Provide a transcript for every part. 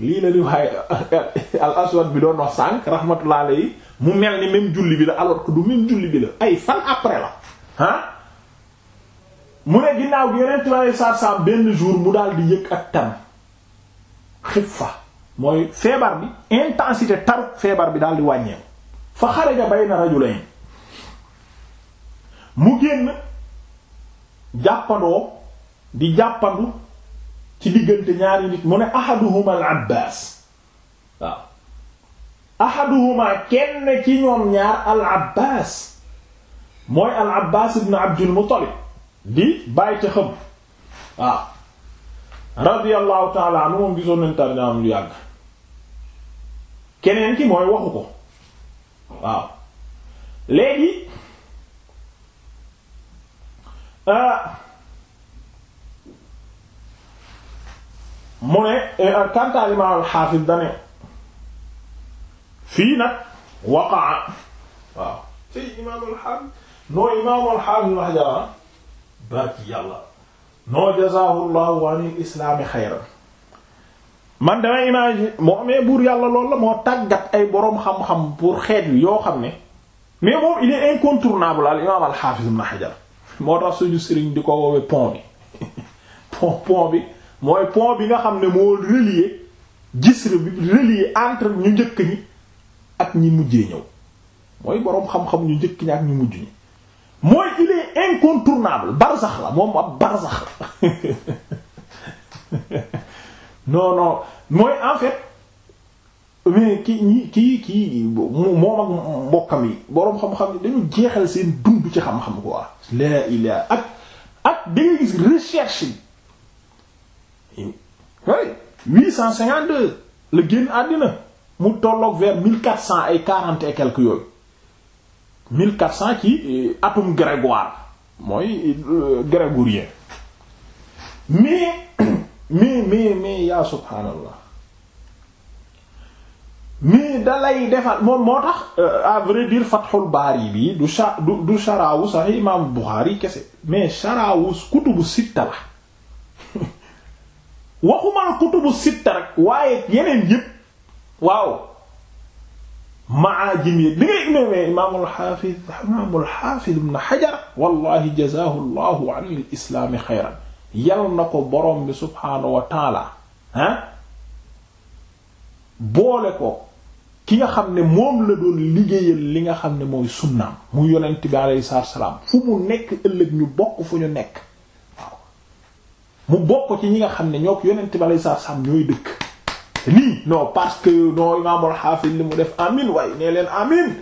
lii la riwaay al aswad bi doon wax sànq rahmatullah alayhi mu mel ni même julli bi la alors que du même julli bi la ay fan après la ah mu ne ginnaaw gi yonent bi alei satu salaam benn jour mu daal di yëg ak tam xiffa mooy feebar bi intensité taru feebar bi daal di wàññeew fa xaraja bayna rajulayn mu génn jàppandoo di jàppandu ci diggante ñaari nit mu ne ahaduhuma al abbaas waaw ahaduhuma kenn ci ñoom ñaar al abbaas mooy al abbaas ibn abdul muttalib di bàyyite xëb waaw radiyallahu taala anu moom gisoon nañ tar am lu keneen ki mooy waxu ko waaw euh, mu ne e, kantaal imaam alxaafis dane fii nag waqaa waaw ci imaam alxaafis noo imaam alxaafis wax jara barki yàlla noo jazaahu llahu anil man damay imagine moo amee buur yàlla loolu la moo tàggat ay boroom xam-xam pour xeet yoo xam ne mais moom il est incontournable al imaam alxaafis ibn moo tax suñu sëriñ ko woowe pont bi mooy pont bi nga xam ne moo relier jisr bi relier entre ñu njëkk ñi ak ñi mujjee ñëw mooy boroom xam-xam ñu njëkk ñi ak ñu mujj ñi mooy il est incontournable barzax la moom ab barzax la non non mooy en fait mais ki ñi kii kii moom ak mbokkam yi boroom xam-xam yi dañu jeexal seen dund ci xam-xam quoi. la ilaa ak ak bi nga gis recherche oui 852 la génn àddina mu tolloog vers 1400 ay 40 et quelques yooyu 1400 ci eh, atum grégoire mooy euh, grégorien mais mais mais yaa subhaanallah mais dalay defal moom moo tax euh, à vrai dire Fathul Baari bii du du du sharaawu Sahih Imam Bukhari kese mais sharaawu kutubu sitta la waxuma kutubu sitta rek waaye yeneen yëpp waaw maajim yi li ngay imamee imaam alxaafid imaam alxaafid ibn xajar wallahi jazahu llahu an l islaami yal na ko borom bi subhaanahu wa taala boole ko ki nga xam ne moom la doon liggéeyal li nga xam ne mooy sunnaam mu yonent bi aleyhi salaatu salaam fu mu nekk ëllëg ñu bokk fu ñu nekk mu bokk ci ñi nga xam ne ñoo ko yonent bi alayhi salaam ñooy dëkk nii non parce que non imaamul xaafis li mu def amin waaye nee leen amin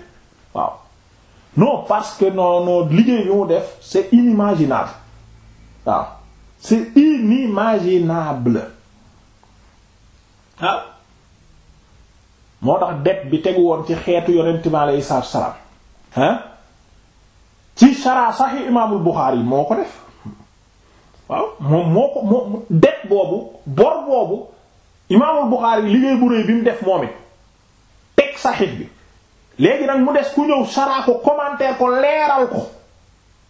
waaw non parce que non non liggéey bi mu def c'est inimaginable waaw c'est inimaginable waaw moo tax det bi tegu woon ci xeetu yonent bi alayhi salaam hein ci sara saxi imaamul Buxaari moo ko def waaw moom moo ko moo det boobu bor boobu imaamul Buxaari liggéey bu réy bi mu def moom it teg saxiix bi léegi nag mu des ku ñëw saraa ko commenter ko leeral ko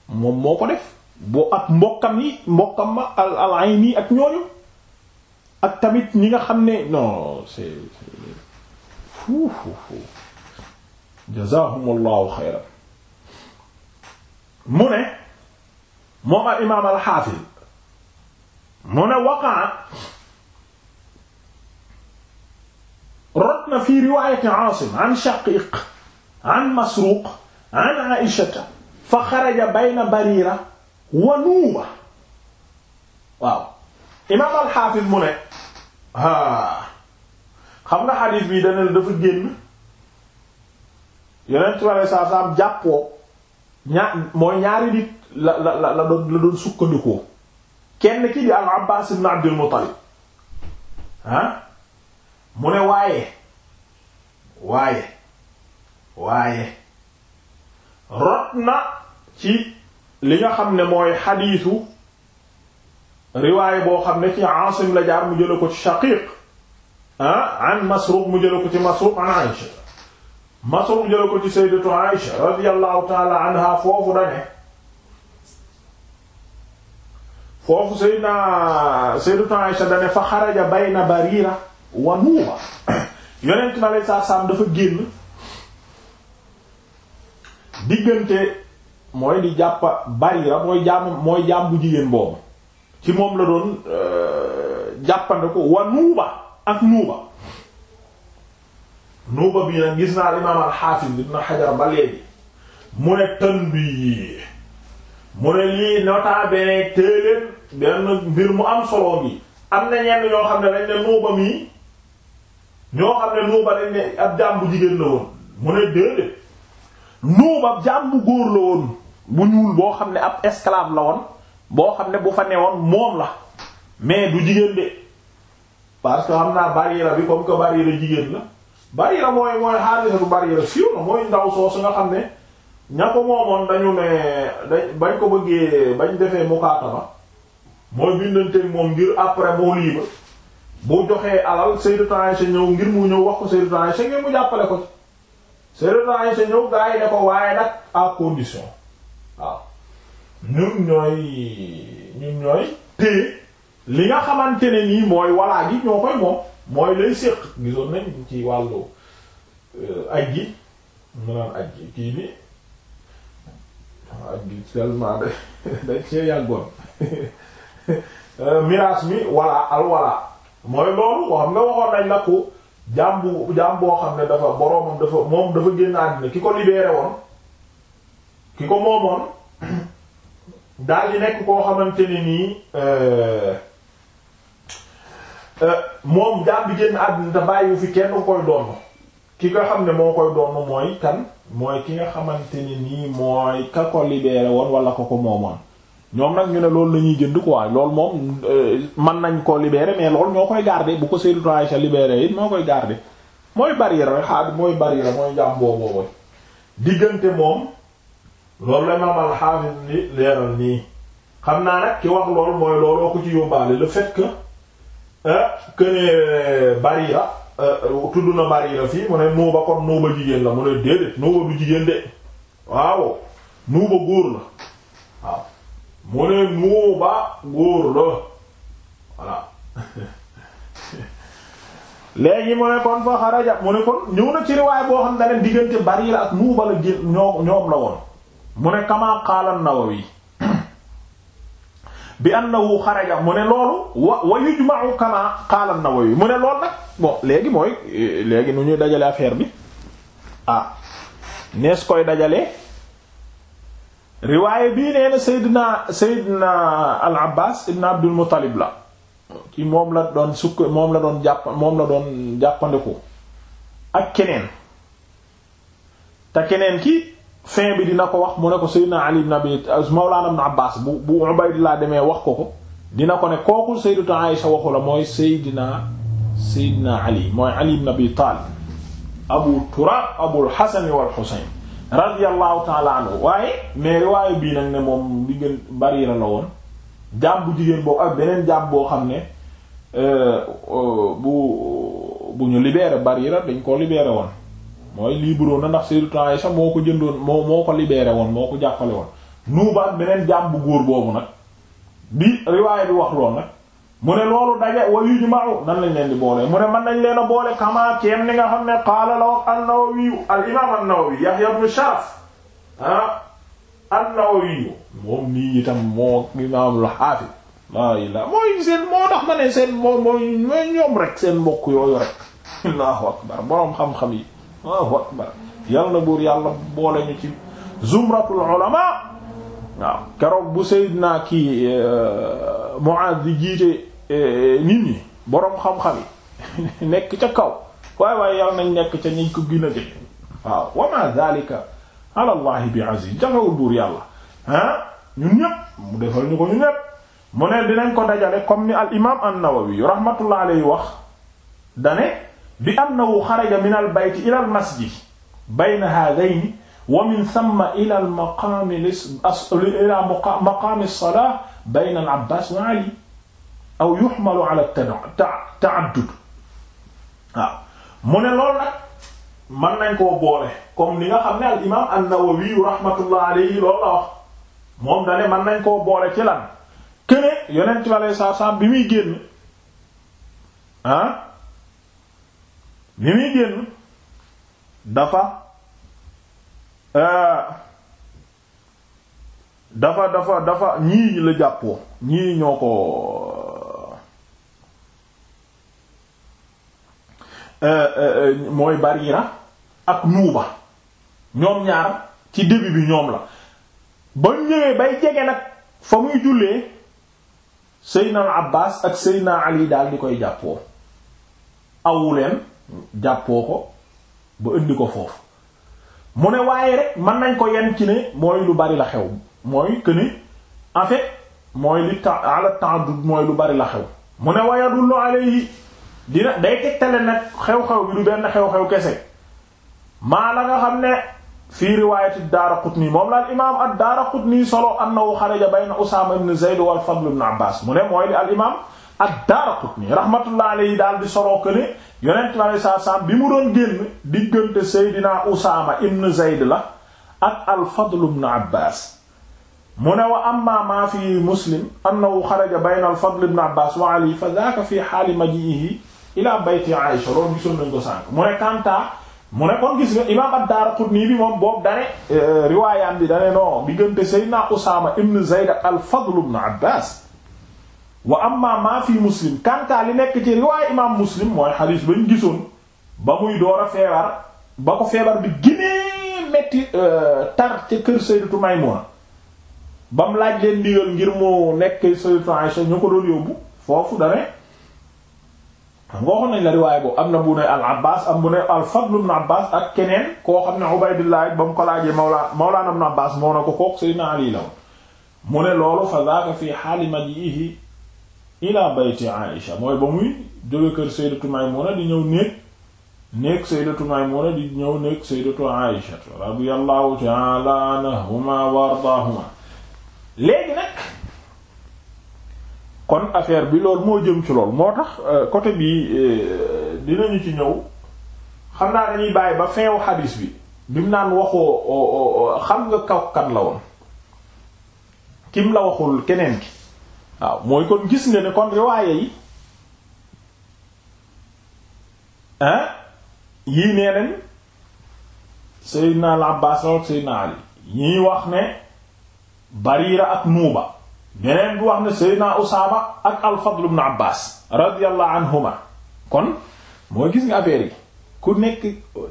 moom moo ko def boo ak mbokkam yi mbokkam ma al al-Ayni ak ñooñu ak tamit ñi nga xam ne non c'est fou fou fou jazaahumullahu mu ne moom al imaam al-Haafiz mu ne waqaa rot na fi riwaayati Aasim an Shaqiiq an Masruuq an Aa'ishata fa xaraja bayna Bariira wa Nuuba waaw imaam al-Haafiz mu ne haa xam nga xadiis bi dana dafa génn yonent bi alayhi salaam jàppoo ñaa mooy ñaari nit la la la doon la doon sukkandikoo kenn ki di al abbaas ibn abdul muttalib mu ne waaye waaye waaye rot ci li nga xam ne mooy xadiisu riwaay boo xam ne ci Aasim la jaar mu jële ko ci Shaqiq ah an Masruq mu jële ko ci Masruq an Aïsha Masruq jële ko ci sayyidatu Aïsha radiyallahu foofu dane foofu Seydina Sayyidatuna Aisha dane fa xaraja bayna Barira wa Nuuba yonent mi alayhi salaatu dafa génn diggante mooy di jàpp Barira mooy jaam jigéen boobu ci moom la doon euh, jàppande ko wa Nuuba ak Nuuba Nuuba bi nag gis naa al imaam al-Hafiz Ibn Hajar ba léegi mu ne tanbiih mu ne lii nota bene téeléen benn mbir mu am solo gi am na ñenn ñoo xam ne dañ ne nuuba mii ñoo xam ne nuuba dañ ne ab jaam bu jigéen la woon mu ne déedéet nuuba jaam bu góor la woon bu ñuul boo xam ne ab esclave la woon boo xam ne bu fa newoon moom la mais du jigéen de parce que xam naa Barira bi comme que Barira jigéen la Barira mooy mooy xaalis bu Barira siiw na mooy ndaw soosu nga xam ne ña ko moomoon dañu ne bañ ko bëggee bañ defee mukaataba mooy bindanteeg moom ngir après moo libre bu joxee alal Sayyidatu Aisha ñëw ngir mu ñëw wax ko Sayyidatu Aisha ngir mu jàppale ko ci Sayyidatu Aisha ñëw gaa yi ne ko waaye nag à condition waaw ñun ñooy ñun ñooy téye li nga xamante ne nii mooy walaa gi ñoo koy moom mooy lay séq gisoon nañ ci wàllu euh, aj gi mu naan aj gi kii bi waaw seulement da dañ cee yàggoon euh, miraas mi walla al mooy loolu wax nga waxoon nañ la jaam bu jaam boo xam ne dafa boroomam dafa moom dafa génn àddina ki ko libéré woon ki ko moomoon daal di nekk koo xamante ni nii euh, euh, moom jaam bi génn àddina te bàyyiwu fi kenn koy doon ki nga xam ne moo koy doon mooy kan. mooy ki nga xamante ni nii mooy ka ko libéré woon wala ko ko moomoon ñoom nag ñu ne loolu la ñuy jënd quoi loolu moom euh, mën nañ ko libéré mais loolu ñoo koy garder bu ko Sayyidatu Aisha libéré it moo koy garder mooy barrière rek xaar mooy barrière mooy njàm boobooba diggante moom loolu la imaam al-Hafiz ni leeral nii xam naa nag ki wax loolu mooy looloo ko ci yóbbaale le fait que euh, que euh, Euh, tudd na Marina fii mu ne nuuba kon nuuba jigéen la mu ne déedéet nuuba du jigéen de waaw nuuba góor la waaw mu ne nuuba góor la voilà léegi mu ne kon fa xaraja mu ne kon ñëw na ci riwaay boo xam ne diggante Barira ak nuuba la jël ñoom la woon mu ne kamaa qaala Nawawi bi annahu xaraja mu ne loolu wa wa yujma'u kama qaala an-Nawawi mu ne loolu nag bon léegi mooy eh, léegi nu ñuy dajale affaire bi ah nees koy dajale riwaaye bii nee na Seydina Seydina al-Abbaas ibn Abdul Muttalib la ci moom la doon sukk moom la doon jàpp moom la doon jàppandiku ak keneen te keneen ki fin bi dina ko wax mu ne ko Seydina Ali ibn Abi Mawlana ibn Abbas bu bu Ubaydillah demee wax ko ko dina ko ne kooku Sayyidatu Aïsha waxu la mooy Seydina Seydina Ali mooy Ali ibn Abi waaye mais riwaayu bii nag ne moom li gën la woon jaam bu jigéen boobu ak beneen jaam boo xam ne euh, euh, bu bu ñu libéré Barira dañ koo libéré woon mooy libéré na ndax Sayyidatu Aisha moo ko jëndoon moo ko libéré woon moo ko jàppale woon nuubaat beneen jaam bu góor boobu nag bi riwaaya bi wax lool nag mu ne loolu daje wa yujma'u nan lañ leen di boole mu ne nañ leen boolee boole kama keem ni nga xam ne qaala la wax an-Nawawi al-imam an-Nawawi Yahya ibn Sharaf ah an moom nii itam moo laa ilaa mooy seen moo tax ma ne seen moo mooy ñoom rek seen mbokk yooyu rek allahu akbar boroom xam-xam yi Allahu akbar yal na buur yàlla boole ñu ci zumratul ulama waaw keroog bu Seydina kii eh, Muaaz di jiite eh, nit ñi boroom xam-xam nekk ca kaw waaye waaye yal nañ nekk ca ñi ko gën a jëkk waaw wa ma zalika bi aziz jafewul buur yàlla ah ñun ñépp mu defal ñu ko ñu ñépp mu ne dinañ ko dajale comme ni al imam an-Nawawi rahmatullah alayhi wax dane bi annahu xaraja min al bayti ila al masjid bayna haadayni wa min thumma ila al maqaami ila maqaami as-salaah bayna al abbaas wa ali aw yuhmalu ala ta'addud waaw mu ne loolu nag mën nañ koo boole comme ni nga xam ne al imaam an-Nawawi rahmatullah alayhi loolu la wax moom da ne mën nañ koo boole ci lan. keneen yonent bi alayhi salaam bi muy génn ah. li muy génn dafa euh, dafa dafa dafa ñii la jàppoo ñii ñoo ko euh, euh, mooy Barira ak Nuuba ñoom ñaar ci début bi ñoom la ba ñëwee bay jege nag fa muy jullee Seydina Abbaas ak Seydina Ali daal di koy jàppoo awuleen jàppoo ko ba indi ko foofu mu ne waaye rek mën nañ ko yenn ci ne mooy lu bari la xew mooy que ni en fait mooy li ta ala ta'addud mooy lu bari la xew mu ne waaye dullu alayhi dina day tegtale nag xew-xew bi du benn xew-xew kese maa la nga xam ne fii riwaayati Daaraqutni moom la al imaam ad-Daaraqutni solo annahu xaraja bayna Usaama ibn Zayd wal Fadl ibn Abbaas mu ne mooy li al imaam ad-Daaraqutni rahmatullahi daal di solo que yonent bi alei saatu salaam bi mu doon génn diggante seydina usaama ibn zayd la ak alfadl ibn abbas mu ne wa amma ma fi muslim annahu xaraja bayna alfadl ibn abbas wa ali fa daaka fi xaali majiihi ila bayti aïsha loolu gisoon nañ ko sànk mu ne kanta mu ne kon gis nga imaam ad-Daaraqutni bi moom boobu dane eh, riwaayam bi dane non diggante seydina usaama ibn zayd ak alfadl ibn abbas wa amma ma fi muslim kantaa li nekk ci riwaay imaam muslim mooy xadiis bañ gisoon ba muy door a feebar ba ko feebar bi ginee metti euh, tar ca kër sayyidatu Maymuna ba mu laaj leen ndigal ngir mu nekk sayyidatu Aisha ñu ko doon yóbbu foofu dane ngoo xam nañ la riwaay boobu am na bu ne al abbas am bu ne al fadl ibn abbas ak keneen koo xam ne ubaydillah ba mu ko laajee mawla mawlaana ibn abbas na ko kook sayyidina ali la mu ne loolu fa zaaka fi haali ila bayti Aïcha mooy ba muy jóge kër sayyidatu Maymuna di ñëw néeg néeg sayyidatu Maymuna di ñëw néeg sayyidatu Aïcha radiyallahu ta'ala anhuma wa ardaahuma léegi nag kon affaire bi loolu moo jëm ci lool moo tax euh, côté bi euh, dinañu ci ñëw xam naa dañuy bàyyi ba feew xadis bi bi mu naan waxoo xam nga kaw kan la woon kim la waxul keneen ki waaw mooy kon gis nga ne kon riwaaye yi hein yii nee nañ Seydina al Abbaas ak Seydina Ali ñii wax ne Barira ak Nuuba beneen bi wax ne Seydina Usaama ak al Fadl ibn Abbaas radiyallahu anhuma kon mooy gis nga affaire yi ku nekk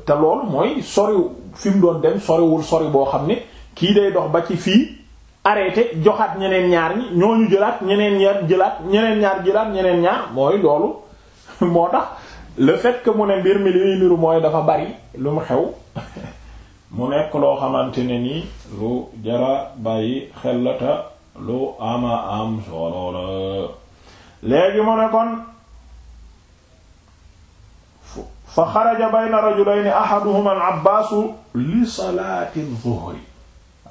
te loolu mooy soriw fi mu doon dem soriwul sori boo xam ne kii day dox ba ci fii arrêté joxaat ñeneen ñaar ñi ñooñu jëlaat ñeneen ñaar jëlaat ñeneen ñaar jëlaat ñeneen ñaar mooy loolu moo tax le fekk mu ne mbir mi li niru mooy dafa bari lu mu xew mu nekk loo xamante ne nii lu jara bàyyi xellata lu ama am solo la léegi mu ne kon fa xaraja bayna rajulayni ahaduhuma al abbaasu li salaati dhuhri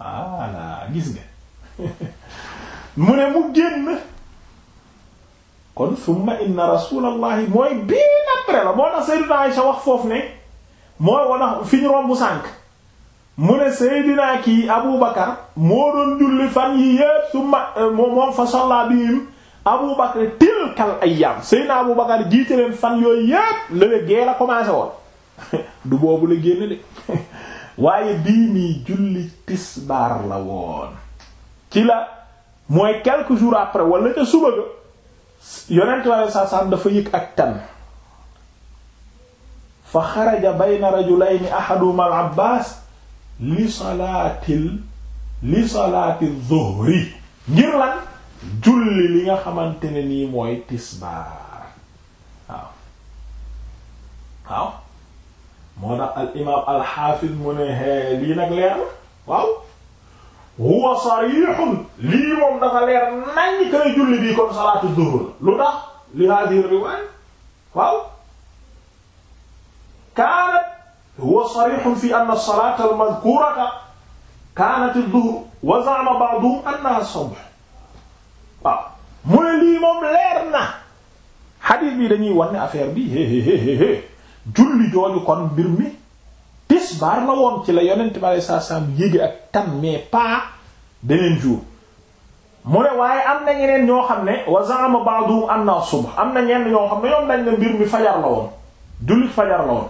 wala gis nga mu ne mu génn kon summa inna rasulallahi mooy bien après la moo tax Seydina Aïcha wax foofu ne mooy wana fi ñu romb sànk mu ne Seydina kii Abu moo doon julli fan yi yépp summa euh, moom fa salla bihim Abu Bakar tilkal ayyaam Seydina Abu Bakar jiite leen fan yooyu yépp lële gee la commencé woon du boobu la génn de waaye bii nii julli tisbaar la woon ci la mooy quelques jour après wala te suba ga yonent la saa saa dafa yëg ak tan fa xaraja bayna rajulayni ahaduhuma al abbas li salaatil li salaati zuhri ngir lan julli li nga xamante ne nii mooy tisbaar waaw waaw moo tax al imaam al xaafis mu ne lii nag leer waaw huwa sarihun lii moom dafa leer nañ kay julli bii kon salaatu duhur lu tax li hadihi riwaaya waaw kaanat huwa sarihun fi anna as-salaata al-madhkuurata kaanat ad-duhur wa za'ama ba'duhum annaha as-subh waaw mu ne lii moom leer na xadiis bi dañuy wan ne affaire bi julli jooju kon mbir mi tisbaar la woon ci la yonent bi ak tan mais pas beneen jour mu ne waaye am na ñeneen ñoo xam ne wa za'ama ba'duhum anna subh am na ñenn ñoo xam ne ñoom dañ ne mbir mi fajar la woon jullit fajar la woon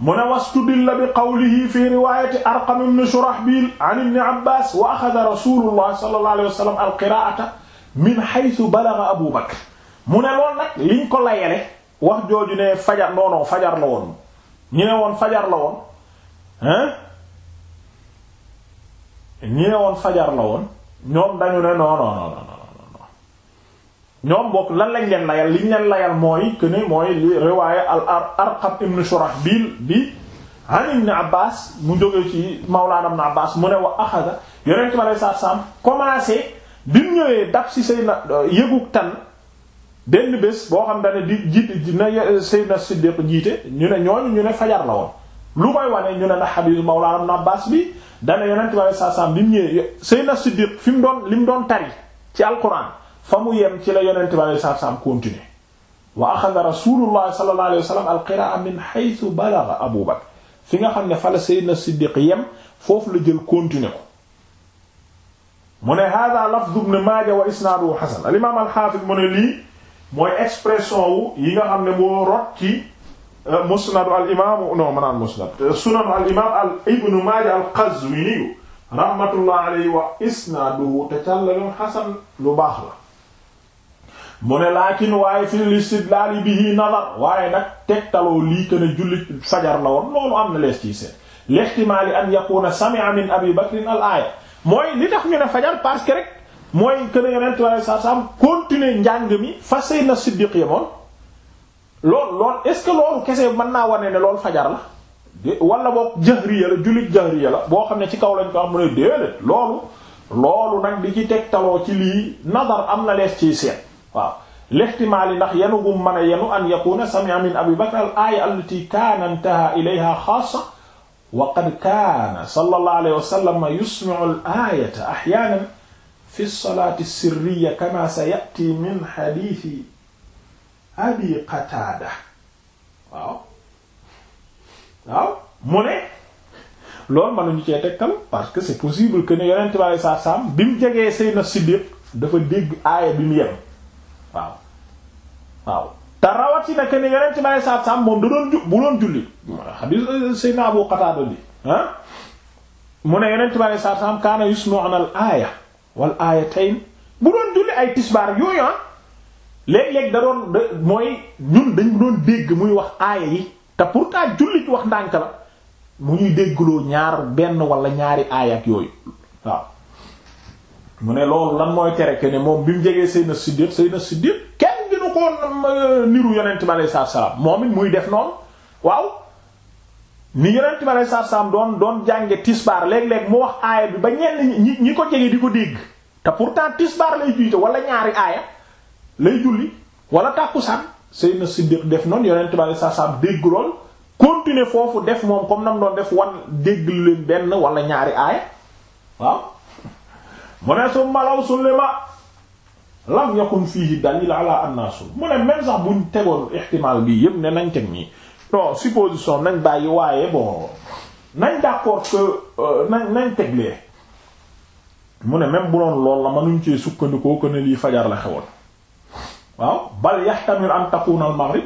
mu ne wastudilla bi qawlihi fi riwayati arqam ibn shurahbil an ibn abbas wa axada rasulullah sallallahu alayhi wa sallam alqiraata min haythu balagha abu bakr mu ne loolu nag liñ ko layele wax jooju ne fajar noonoo fajar la woon ñi ne woon fajar la woon hein ñi ne woon fajar la woon ñoom dañu ne non non non non ñoom bokk lan lañ leen layal liñ leen layal mooy que ne mooy li riwaaya al Arqam ibn Shurahbil bi an ibn Abbas mu jógee ci Mawlana ibn Abbas mu ne wa axada yonent bi alayhi salaam commencé bi mu ñëwee dab si say na yëgu tan benn bés boo xam dane di jiite na eh, Seydina Siddiq jiite ñu ne ñooñu ñu ne fajar la woon lu koy wane ñu ne na xadiis Mawlaana Ibn Abbaas bi dane yonent bi saa saam bi mu ñëwee Seydina Siddiq fi mu doon li mu doon tari ci alquran fa mu yem ci la yonent bi saa saam continuer wa axada Rasuulullaah sallallaahu wa sallam al-qiraa'a min haythu balagha Abu Bakr fi nga xam ne fa la Seydina Siddiq yem foofu la jël continuer ko mu ne haaza lafzu Ibn Maaja wa isnaaduhu hasan al-imaam mu ne lii mooy expression wu yi nga xam ne moo rot ci euh, musnadu al imaamu non ma naan musnad euh, sunanu al imaam al ibnu maaja al qazwini rahmatullah alayhi wa isnaaduhu te càllaloon xasan lu baax la mu waaye fil istidlaali bihi nadar waaye nag tegtaloo lii que julli fajar la woon loolu am na lees ciy seet lihtimaali an yakuna sami'a min abi bakrin al aaya mooy li tax ñu ne fajar parce que mooy que ne yonent bi alayhi salaatu salaam continuer njàng mi fa Seydina Siddiq yemoon loolu loolu est-ce que loolu kese mën naa wane ne loolu fajar la wala boog jahriya la jullit jahriya la boo xam ne ci kaw lañ ko am mu ne déedéet loolu loolu nag di ci tegtaloo ci lii nadar am na lees ciy seet waaw lihtimaal yi ndax yenu gum mën a yenu an yakuna sami'a min Abi Bakr al aaya allati kaana intaha ilayha xaasa wa qad kaana sallallahu alayhi wa sallam yusmi'u al aayata ahyaanan fi salaati sirriya kama parce que c'est possible que ne yonent bi alei Abu Qataada bi ah. mu ne yonent bi alei saatu salaam kaana yusnu'una al aaya wal aayatayn bu doon julli ay tisbaar yooyu ah léeg-léeg da doon mooy ñun dañ doon dégg muy wax aaya yi te pourtant julli wax ndànk la mu ñuy déggloo ñaar benn wala ñaari aaya yooyu waaw mu ne loolu lan mooy tere que ne moom bi mu jegee Seydina Siddiq Seydina Siddiq kenn dina ko euh, niru yonent bi alayhi salaam moom it muy def noonu waaw ni yonent ma lay sarsam doon doon jànge tisbaar léeg-léeg mu wax aaya bi ba ñenn ñi ñi ko jege di ko dégg te pourtant tisbaar lay jiite wala ñaari aaya lay julli wala tàkkusaan Seydina Siddiq def noonu yonent ma lay sarsam dégg foofu def moom comme nam doon def wan dégg leen benn wala ñaari aaya waaw mu ne su malaw sulima lam yakun fihi dalil ala annasu mu ne même sax buñ tegoon ihtimal bi yëpp ne nañ teg nii non supposition nañ bàyyi waaye boo nañ d'accord que euh, nañ nañ teglee mu ne même bu doon lool la mënuñ cee sukkandikoo que ne lii fajar la xewoon waaw bal yahtamil an takuna al maghrib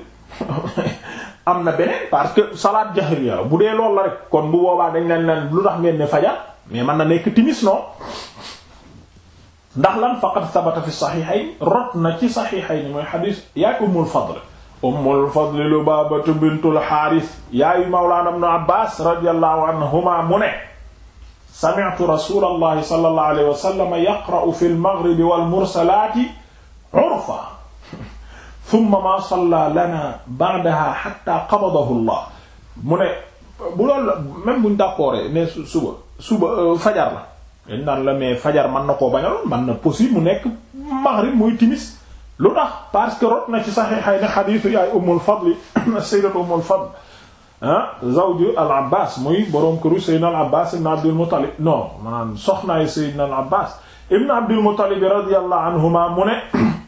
am na beneen parce que salaat jahriya bu dee lool la rek kon bu boobaa dañ leen leen lu tax ngeen ne fajar mais man na nekk timis non ndax lan faqad thabata fi sahihayn rot na ci sahihayn mooy hadith yaa ummul fadl ummul fadli lubaabatu bintul xaaris yaayu mawlaana ibnu abbaas radiyallahu anhuma mu ne sami'tu rasuulallahi sallallahu alayhi wa sallam yaqra'u fil maghribi wal mursalaati urfa thumma maa sallaa lanaa ba'dahaa hattaa qabadahu Allah mu ne bu loolu même buñ d'accord ne suba suba euh, fajar la dañ naan la mais fajar mën na koo bañaloon mën na possible mu nekk maghrib muy timis lu tax parce que rot na ci saxiixay ne xadiisu ay ummul fadli sayyidatu ummul fadl ah zawju al abbas muy boroom këru sayyidina al abbas ibn abdul muttalib non maanaam soxnaay sayyidina al abbas ibn abdul muttalib radiyallahu anhuma mu ne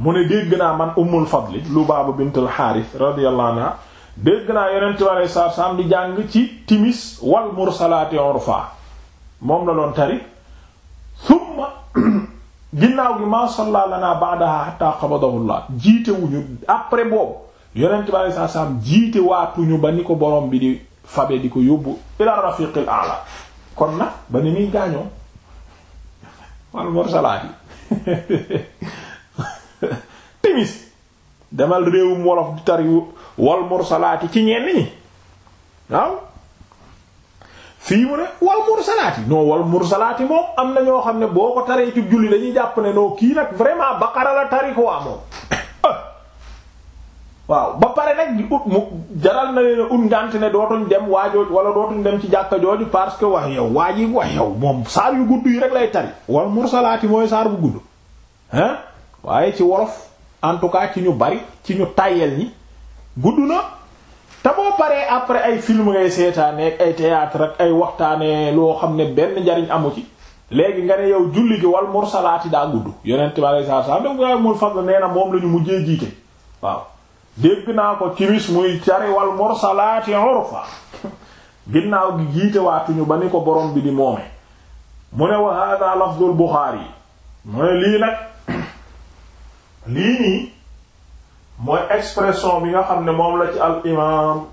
mu ne dégg naa man ummul fadli lubaaba bint al xaaris radiyallahu anha dégg naa yonent bi alayhi jàng ci timis wal mursalaati urfa moom la doon tari ginnaaw gi ma salla lana ba'daha hatta qabadahu Allah jiitewuñu après boobu yonent bi alayhi salaam jiite waatuñu ba ni ko borom bi di fabe di ko yóbbu ila rafiqil a'la kon nag ba ni muy gaañoo wal mursalaati timis demal réewum wolof di tari wal mursalaati ci ñenn ñi waaw fii mu ne wal mursalaat yi non wal mursalaat yi moom am na ñoo xam ne boo ko taree ci julli dañuy jàpp ne non kii nag vraiment baqara la tari ko waa moom waaw ba pare nag di ut mu jaral na leen ut ngànt ne dootuñ dem waajooj wala dootuñ dem ci jàkka jooju parce que wax yow waa ji wax yow moom saar yu gudd yi rek lay tari wal mursalaat yi mooy saar bu gudd hein waaye ci wolof en tout cas ci ñu bari ci ñu tàyyel ñi gudd na te boo paree après ay film ngay seetaanee ay théâtre ak ay waxtaanee loo xam ne benn njariñ amu ci léegi nga ne yow julli gi wal mursalaati daa gudd yonent bi alayhi salaatu salaam danga mul fadl nee na moom la ñu mujjee jiite waaw dégg naa ko timis muy cari wal mursalaati urfa ginnaaw gi jiite waatuñu ba ni ko borom bi di moome mu ne wa hada lafdul Buxaari yi mu ne lii nag lii nii mooy expression bi nga xam ne moom la ci al imaam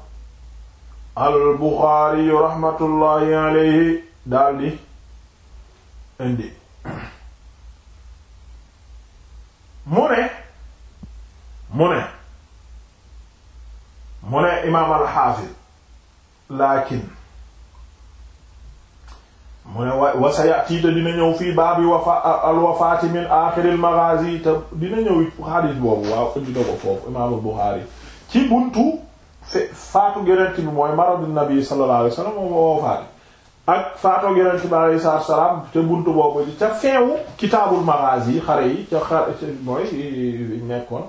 al Buxaari rahmatullahi alayhi daldi indi mu ne mu ne mu ne imaam al xaafis laakin mu ne wa wa sayati te dina ñëw fii baabi wafa al wafaati min aaxiril maghazi te dina ñëw xadiis boobu waaw indi na ko foofu imaamul Buxaari ci buntu faatu yonent bi mooy maradu nabi sallallahu alayhi moom moo faati ak faatu yonent bi alayhi salaam te buntu boobu di ca feewu kitaabul maghazi xare yi ca xar mooy nekkoon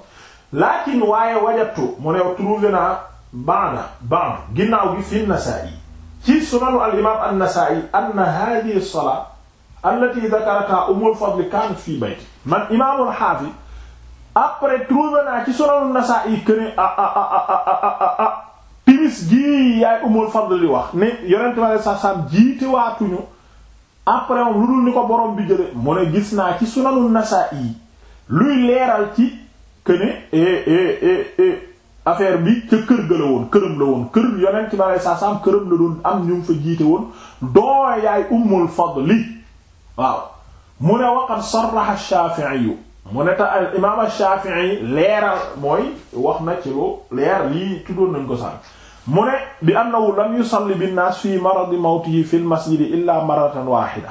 laakin waaye wajatu mu ne trouvé naa baana baan ginnaaw gi fi Nasaa'i ci sunanu al imaam an-Nasaa'i anna haadihi as-salaa allati dakarataa Ummul Fadl kaanat fii bayti man imaamul xaafi après trouvé naa ci sunanu an-Nasaa'i këne ah ah, ah ah ah ah ah ah timis gii yaay Ummul Fadl li wax ne Yonent bi alayhi salaam jiitewaatuñu après moom lu dul ni ko borom bi jële mu ne gis naa ci sunanu an-Nasaa'i luy leeral ci këne eh eh eh, eh affaire bi ca kër ga la woon këram kër yonent bi aleyhi salaam këram la doon am ñu fa jiite woon doo yaay ummul fadli waaw mu al imaam Shaafi'i mooy wax na ci lu leer lii tuddoon nañ ko sànq mu ne bi annahu lam yusalli fi maradi mawtihi fil masjidi illaa marratan waahida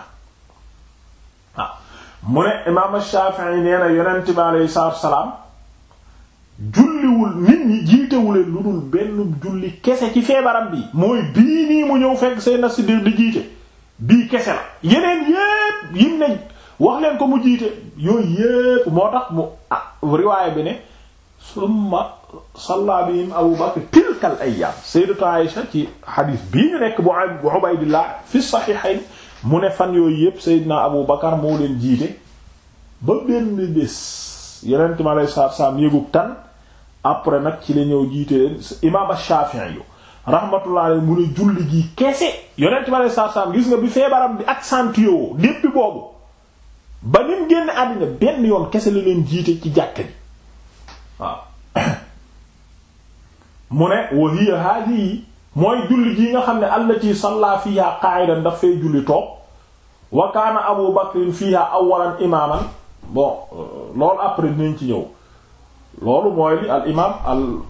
waaw imaam Shaafi'i nee na yonent bi aleyhi julliwul nit ñi jiitewuleen lu dul benn julli kese ci feebaram bi mooy bii nii mu ñëw fekk Seydina Siddiq di jiite bii kese la yeneen yépp yim ne wax leen ko mu jiite yooyu yépp moo tax mu ah riwaaya bi ne summa salla bihim Abu Bakr tilkal ayyam Sayyidatu Aïsha ci xadiis bii ñu nekk bu Ubaydillah fi saxiixayn mu ne fan yooyu yépp Seydina Abu Bakar moo leen jiite ba benn bés yeneen ma lay saab saab yëgug tan après nag ci la ñëw jiite leen imaam Shafi'i yu rahmatullah alayhi mu ne julli gi keese yonent bi alayhi salaatu salaam gis nga bi feebaram bi accentué woo depuis boobu ba ni mu génn àddina benn yoon kese la leen jiite ci jàkk ji waaw mu ne wa hiya haadihi mooy julli gi nga xam ne allati salla fiha qaa'idan daf fay julli toog wa kaana Abu Bakr fiha awwalan imaaman bon euh, loolu après dinañ ci ñëw loolu mooy al imaam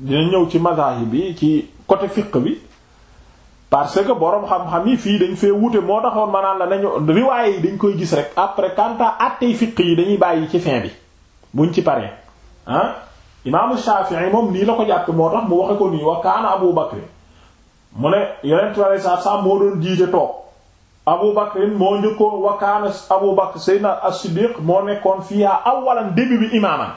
dina ñëw ci mazahib bi ci côté fiqh bi parce que boroom xam-xam yi fii dañ fee wute moo taxoon ma naan la nañu riwaaye yi dañ koy gis rek après quant à àttey yi dañuy bàyyi ci fin bi buñ ci paree ah imaamu Shafi'i moom nii la ko jàppe moo tax mu waxe ko nii wa kaana Abu Bakr mu ne yonent bi sallallahu alayhi wasallam moo doon jiite toog Abu Bakr moo njëkkoon wa kaana Abu Bakr Seydina as-Siddiq moo nekkoon aw awwalan début bi imaaman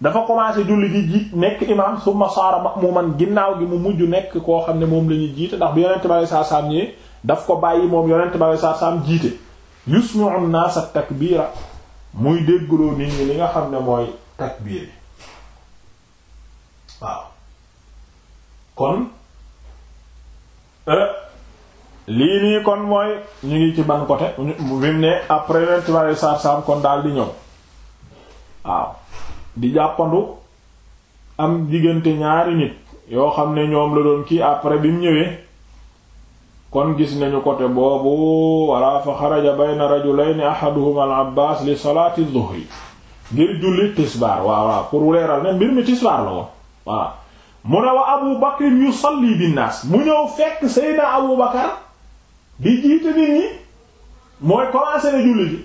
dafa commencé julli ji nekk imaam summa saara ma'muuman ginnaaw gi mu mujj nekk koo xam ne moom la ñuy jiite ndax bi yonent bi saa saam daf ko bàyyi moom yonent bi saa saam jiite yusmi'u an-naas at-takbiira muy déggloo nit ñi li nga xam ne mooy takbiir waaw kon. Euh, lii nii kon mooy ñu ngi ci ban côté mu ne après leen saar-saam kon daal di ñëw waaw di jàppandu am diggante ñaari nit yoo xam ne ñoom la doon kii après bi mu ñëwee kon gis nañu côté boobu wala fa xaraja bayna rajulayni ahaduhuma al abbas li salaati dhuhri ngir julli tisbaar waaw pour leeral ne mbir mi tisbaar la woon voilà mu ne wa abu bakr yusalli bin naas mu ñëw fekk seydna abu bakar bi jiite nit ñi mooy commencé na julli ji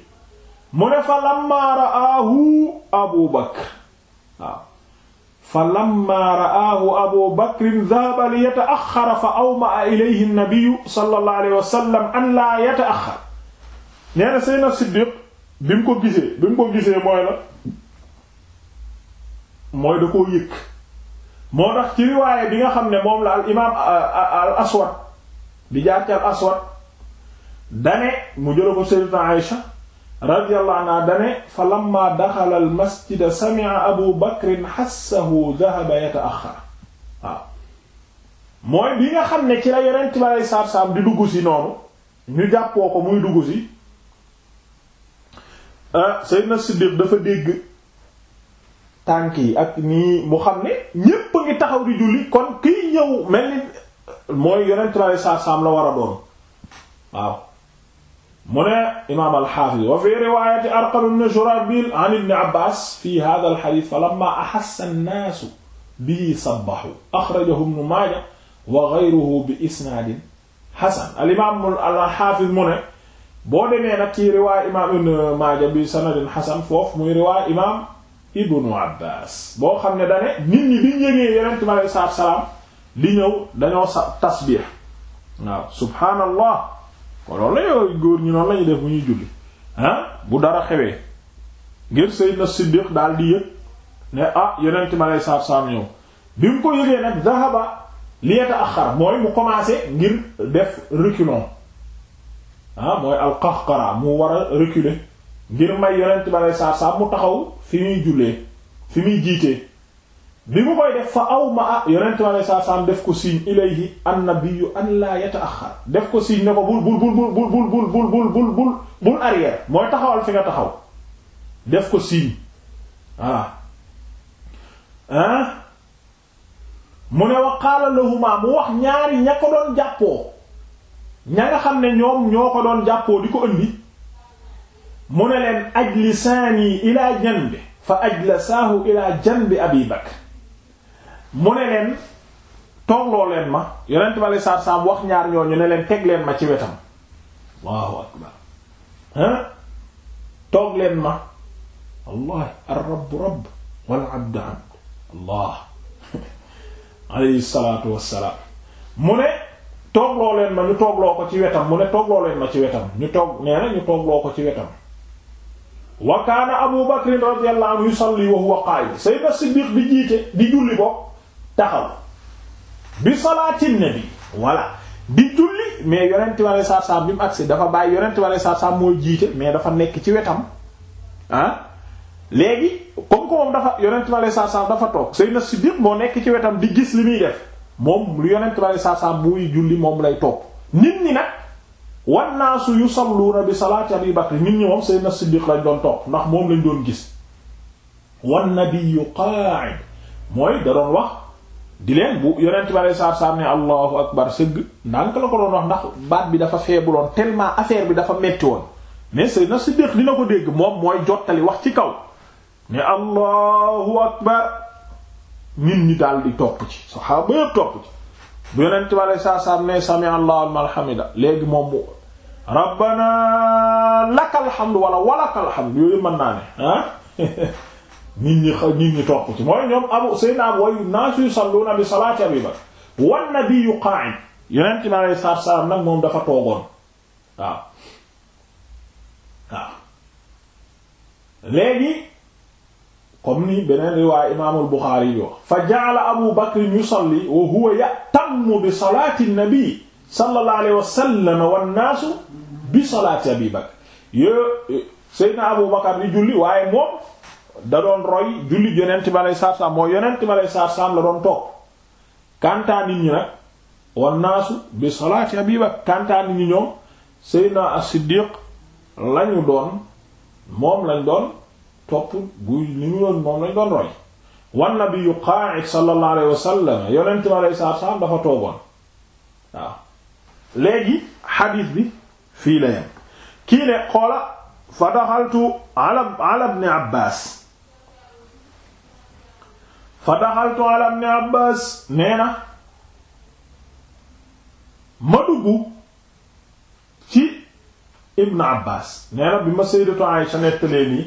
mu ne fa lamma ra'aahu abu bakr fa lamma ra'aahu abu bakrin dhahaba li yata'axxara fa awma'a ilayhi an sallallahu alayhi wa sallam an laa yata'axxar nee bi mu ko gisee bi mu ko gisee mooy la mooy da koo yëg moo tax ci riwaaye bi nga xam ne moom la al imaam al aswad bi jaar al aswad dane mu jëla ko sayyidina Aïsha radiyallahu anha dane fa lamma daxala al masjida sami'a abu bakrin xassahu dahaba yata'axxar waaw mooy bi nga xam ne ci la yonent bi alei di dugg si noonu ñu jàppoo ko muy dugg si ah, sayyidina Siddiq dafa dégg tànk yi ak nii mu xam ne ñépp a ngi taxaw di julli kon kiy ñëw mel ni mooy yonent bi alei la war a doon waaw mu ne imaam alxaafis wa fi riwaayati arqam ibn shuraabil an ibn abbaas fi haaza alxadiis falammaa ahassa annaasu bihi sabbahu axrajahu ibnu maaja wa gayruhu bi isnaadin hasan al imaam alxaafis mu ne boo demee nag ci riwaay imaam ibnu maaja bi sanadin hasan foofu muy riwaay imaam ibnu abbaas boo xam ne dane nit ñi biñ yëgee yonent bi aleyhi salaatu wa salaam di ñëw dañoo sa tasbiix waaw subhaanallah ko loolu góor ñi noonu lañuy def bu ñuy julli ah bu dara xewee ngir Seydina Siddiq daal di yëg ne ah yonent ma lay saab saab ñëw bi mu ko yëgee nag dahaba li yata'akhkhar mooy mu commencé ngir def reculons ah mooy alqahqara mu war a reculer ngir may yonent ma lay saab saab mu taxaw fi muy jullee fi muy jiitee bi mu koy def fa aw ma ah yonent mi alayhi salaam def ko signe ilayhi annabiyyu an laa yata'axxar def ko signe ne ko bul bul bul bul bul bul bul bul bul bul bul arrière mooy taxawal fi nga taxaw def ko signe voilà ah mu ne wa qaala lahumaa mu wax ñaari ña ko doon jàppoo ña nga xam ne ñoom ñoo ko doon jàppoo di ko ëndi mu ne leen ajlisaanii ilaa janbi fa ajlasaahu ilaa janbi Abi Bakr mu ne leen toogloo leen ma yonent ma lay saar saam wax ñaar ñu ne leen teg leen ma ci wetam allahu akbar ha toog leen ma allah ar rabb rabb wal abdu abd allah alayhi salaatu mu ne toogloo leen ma ñu loo ko ci wetam mu ne toogloo leen ma ci wetam ñu toog nee na ñu toogloo ko ci wetam wa kaana abu bakr radiyallahu anhu yusalli wa huwa qaa'id sayyid as-siddiq di jiite di julli bokk taxaw bi salaatin nabi voilà di julli mais yonent wala sarsam bi mu agsi dafa bàyyi yonent wala sarsam mooy jiite mais dafa nekk ci wetam ah léegi comme que moom dafa yonent wala sarsam dafa toog Seydina Siddiq moo nekk ci wetam di gis li muy def moom lu yonent wala sarsam muy julli moom lay topp nit ñi nag wan naasu yusalluuna bi salaati Abi Bakr nit ñi moom Seydina Siddiq lañ doon topp ndax moom lañ doon gis wan nabiyyu qaa'id mooy da doon wax di leen bu yonent bi alei saatu salaam ne allahu akbar sëgg ndànk ko doon wax ndax baat bi dafa feebuloon tellement affaire bi dafa metti woon mais si Siddiq dina ko dégg moom mooy jottali wax ci kaw ne allahu akbar nit ñi daal di topp ci saxaaba yépp topp ci bu yonent bi alei saatu ne sami allahu liman hamida léegi moom mu rabbana lakal hamdu wala walakal hamdu yooyu mën naa ne ah nit ñi xa nit ñi topp ci mooy ñoom abu sayna abu wayu naasu yusalluna bi salaati abi bakr wan nabiyyu qaa'id yonent mi alayhi salaatu salaam nag moom dafa toogoon waaw waaw léegi comme ni beneen riwaaya imaamul Buxaari yi wax fa ja'ala abu bakr yusalli wa huwa ya'tammu bi salaati nabi sallallahu alayhi wa sallam wan naasu bi salaati abi bakr yo sayyidina abu bakr ni julli waaye moom da doon roy jullit yonent bi aleyhi salaatu salaam mooy yonent bi aleyhi salaatu salaam la doon topp kantaa nit ñi nag wan naasu bi salaati Abi Bakr kantaa nit ñi ñoom Seydina as-Siddiq lañu doon moom lañ doon topp buy li ñu doon moom lañ doon roy wan nabiyyu qaa'id sallallahu alayhi wa sallam yonent bi aleyhi salaatu salaam dafa toogoon waaw léegi xadiis bi fii la yem kii ne xoola fa daxaltu ala ala ibn Abbaas fa daxaltu ala ibn Abbas nee ma dugg ci ibn Abbas nee bi ma sayyidatu Aisha nettalee nii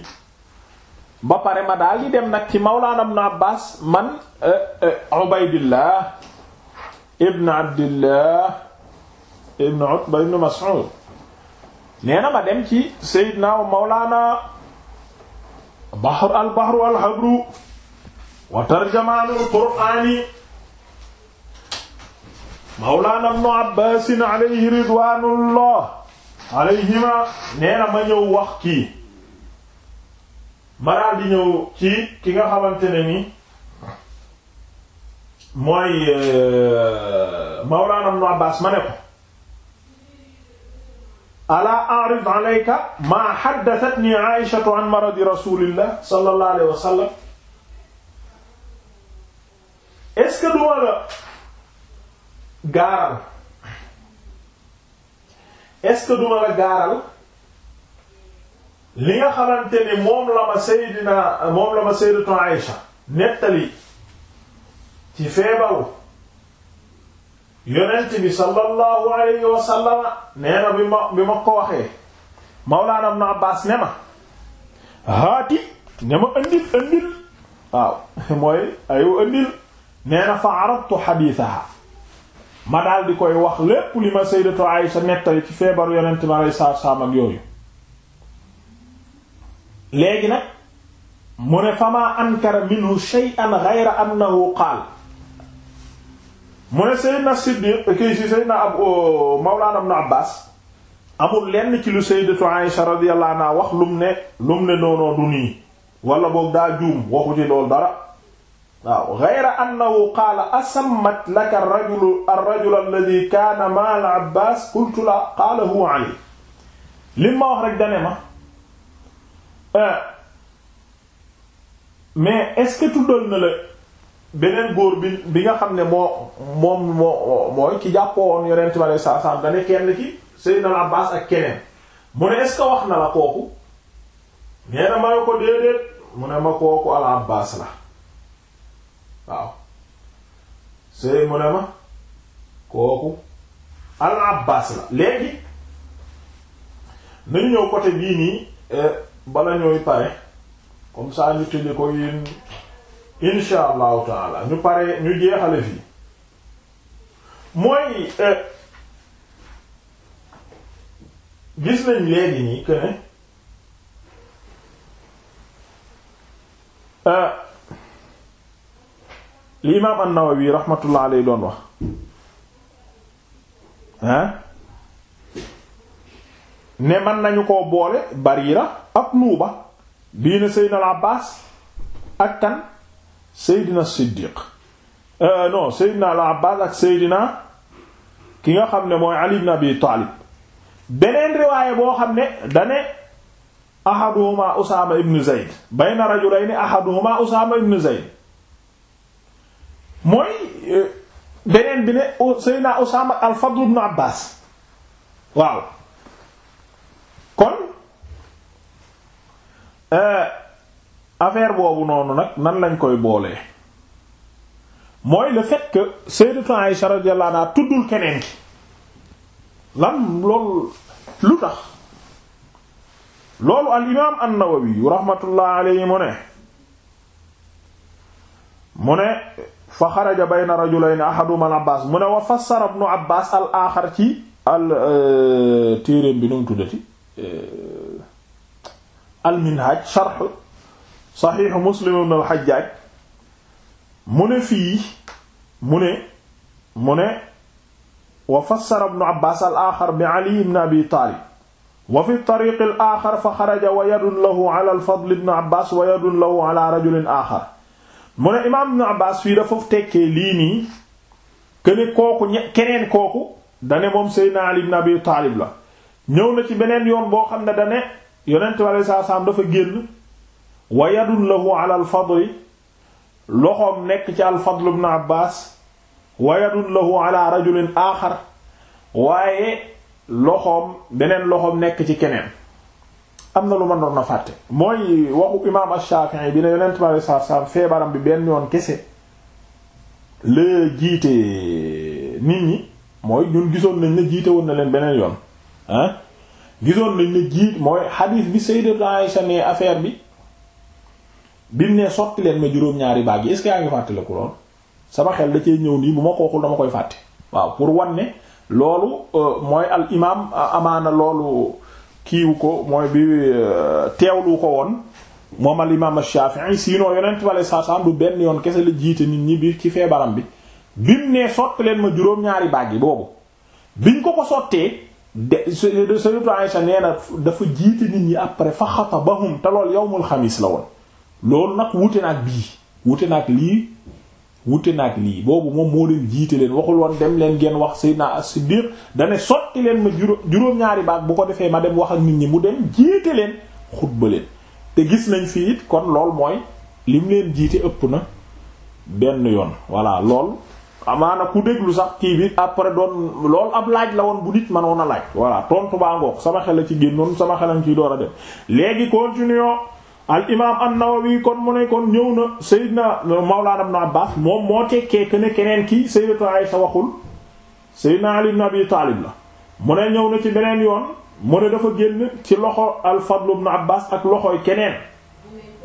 ba pare ma daal di dem nag ci mawlaana ibn Abbas man eh, eh, Ubaydillah ibn Abdillah ibn Utba ibn Mas'ud nee ma dem ci sayyidna mawlaana Bahr al-Bahr wal-Habr wa tarjamaanul qur'aani mawlaana ibnu abbaasin alayhi ridwaanullah alayhima nee na ma ñëw wax kii ma daal di ñëw ci ki nga xamante ne ni mooy euh, mawlaana ibnu abbaas ma ne ko alaa a'rid alayka maa haddathatnii aa'ishatu an maradi rasuulillah sallallahu alayhi wa sallam est duma la gaaral est-ce que duma la gaaral li nga xamante ni moom la ma Seydina moom la ma Sayyidatu Aïsha nettali ci feebaru yonent bi sallallahu alayhi wa sallam nee na bi ma ma ko waxee Mawlaana Ibn Abbaas ne haati ne ma andil andil waaw mooy ayu nee na fa arabtu xadiisaha ma daal di koy wax lépp li ma sayyidatu Aïsha nettali ci feebaru yonent ma lay saar saam yooyu léegi nag mu ne famaa ankara minhu shay'an ghayra mu ne sayyidna Siddiq kii si sayyidna ab mawlaana ibn Abbaas amul lenn ci lu sayyidatu Aïsha radiyallahu anha wax lum ne lum ne noonoo du nii wala boog daa juum waxu loolu dara waaw ghayra annahu qaala asammat laka ar-rajulu ar-rajulu alladhi kaana ma'a al-Abbaas qultu la qaala huwa Ali li ma wax rek dane ma euh, mais est-ce que tuddal na la beneen góor bi bi nga xam ne moo moom moo mooy ki jàppoon yonent bi alayhi salaatu salaam dane kenn ki Seydina al-Abbaas ak keneen mu ne est-ce que wax na la kooku nee na ma ko déedéet mu ne ma kooku al-Abbaas la waaw sëy mu ma kooku al abbas la léegi nañu ñëw côté bii nii eh, bala ñooy pare comme ça ñu tëje ko yéen insha taala ñu pare ñu jeexale fii mooy eh, gis nañ léegi nii que ne eh, li imaam an-Nawawi rahmatullah alayhi doon wax ah ne man nañu ko boole Barira ak Nuuba bii na Seydina al-Abbaas ak kan Seydina Siddiq euh, non Seydina al-Abbaas ak Seydina ki nga xam ne mooy Ali ibn Abi Taalib beneen riwaaye boo xam ne dane ahaduhuma Usaama ibn Zayd bayna rajulayni ahaduhuma Usaama ibn Zayd mooy euh, beneen bi ne Seydina Usaama al Fadl Abbaas waaw kon euh, affaire boobu noonu nag nan lañ koy boolee mooy le fait que Sayyidatu Aïsha radiyallahu anha tuddul keneen ki lan loolu lu tax loolu al imaam an-Nawawi rahmatullah alayhi mu ne mu ne fa xaraja bayna rajulayni ahaduma al abbas mu ne wa fassara ibnu abbas al aaxar ci al euh, téeréem bi nu mu tuddati euh, al minhaj sharh sahih muslim ibn al hajjaj mu ne fii mu ne mu ne wa fassara ibnu abbas al aaxar bi ali ibn abi taalib wa fi tariq al aaxar fa xaraja wa yadun lahu ala al fadl ibn abbas wa yadun lahu ala rajulin aaxar mu ne imaam Ibn Abbas fii dafa tekkee lii nii këne kooku ñe- keneen kooku dane moom Seydina Ali na Abi Taalib la ñëw na ci beneen yoon boo xam ne dane yonent bi saa dafa génn wa yadun lahu ala al-Fadl loxoom nekk ci al-Fadl ibn Abbas wa yadun lahu ala rajulin aaxar waaye loxoom beneen loxoom nekk ci keneen am na lu ma doon na fàtte mooy waxu imaam Ash-Shafi'i bi ne yonent ma saa saa feebaram bi benn yoon kese la jiite nit ñi mooy ñun gisoon nañ ne jiite woon na leen beneen yoon ah gisoon nañ ne jiit mooy xadiis bi Sayyidatu Aïsha ne affaire bi bi ne sotti leen ma juróom-ñaari baag yi est yaa ngi fàtte la ko lool sama xel da cee ñëw nii bu ma ko waxul dama koy fàtte waaw pour wan ne loolu euh, mooy al imaam euh, amaana loolu. kiiwu ko mooy bi euh, teewlu ko woon moom al imaam Shaafi'i sinon yonent bi saa saa du benn yoon kese la jiite nit ñi bi ci feebaram bi bim nee sotti leen ma juróom-ñaari bàggi boobu biñ ko ko sottee de sayyidatu Aisha nee na dafa jiite nit ñi après fa xatabahum te lool yawmul xamiis la woon loolu nag wute nag bii wute nag lii wute naag lii boobu moom moo leen jiite leen waxul woon dem leen ngeen wax Seydina si siddiq dane sotti leen ma juróom-ñaari baat bu ko defee ma dem wax ak nit ñi mu dem jiite leen xutba leen te gis nañ fii it kon lool mooy lim leen jiite ëpp na benn yoon voilà lool na ku déglu sax kii bi après doon lool ab laaj la woon bu nit mënoon a laaj voilà tontu baa ngoog sama xel a ci génnoon sama xelam ciy door a dem léegi continuons al imaam an-Nawawi kon mu ne kon ñëw na Seydina Mawlana Ibn Abbas moom moo tekkee que ne keneen kii Sayyidatu Aisha waxul Seydina Ali ibn Abi Taalib la mu ne ñëw na ci beneen yoon mu ne dafa génn ci loxo al-Fadl ibn Abbas ak loxoy keneen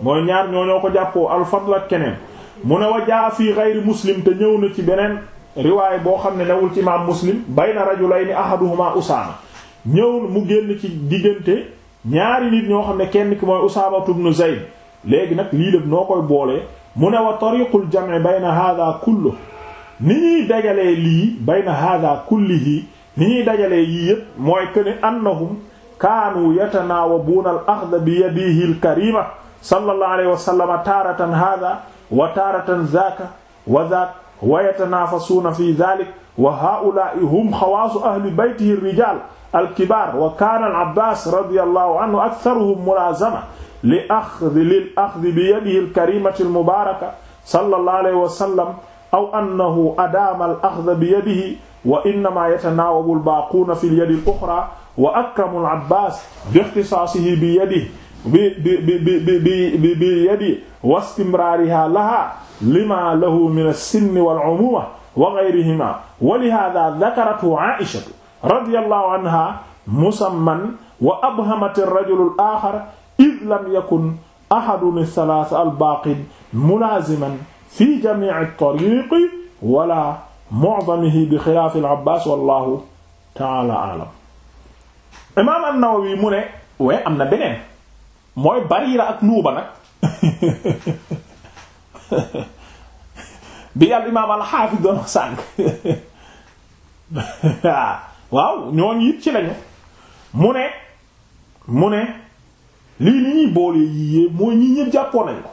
mooy ñaar ñoo ñoo ko jàppoo al-Fadl ak keneen mu ne wa jaa fii ghayri Muslim te ñëw na ci beneen riwaay boo xam ne newul ci imaam Muslim bayna rajulayni ahaduhuma Usaama ñëw mu génn ci diggante. ñaari nit ñoo xam ne kenn ki mooy Usaamatu ibn Zayd léegi nag lii lépp noo koy boolee mu ne wa tariqul jam'i bayna hadha kullu ni ñuy dajalee lii bayna hadha kullihi ni ñuy dajale yii mooy que ni annahum kaanu yatanaawabuuna al axda bi yadihi al wa sallam taaratan hadha wa taaratan zaaka wa zaak wa yatanaafasuuna fi dhalik wa haa'ulaa'i hum xawaasu ahli baytihi ar alkibaar wa kaana al abbas radiyallahu anhu aktharuhum mulazama li axdi lil axdi bi yadihi al karimati al mubaaraka sallallahu alayhi wa sallam aw annahu adaama al axda bi yadihi wa innama yatanaawabu al baaquuna fi al yadi al uxra wa akramu al abbas bi ixtisaasihi bi yadihi bi bi bi bi bi bi yadi wastimraariha laha lima lahu min as-sinni wal umuuma wa gayrihima wa lihaadha dhakaratu Aa'isha radiyallahu anha musamman wa abhamat ar-rajul al-akhar id lam yakun ahadun ath-thalath al-baqin mulaziman fi jami' at-tariq wala mu'zamihi bi khilaf al-abbas wallahu ta'ala a'lam imam an-nawawi mu ne we am na beneen mooy barira ak nuuba nag bi al imam al-hafiz doon sànq waaw ñooñu it ci lañu mu ne mu ne lii ni ñuy boole yii yépp mooy ñii ñépp jàppoo nañ ko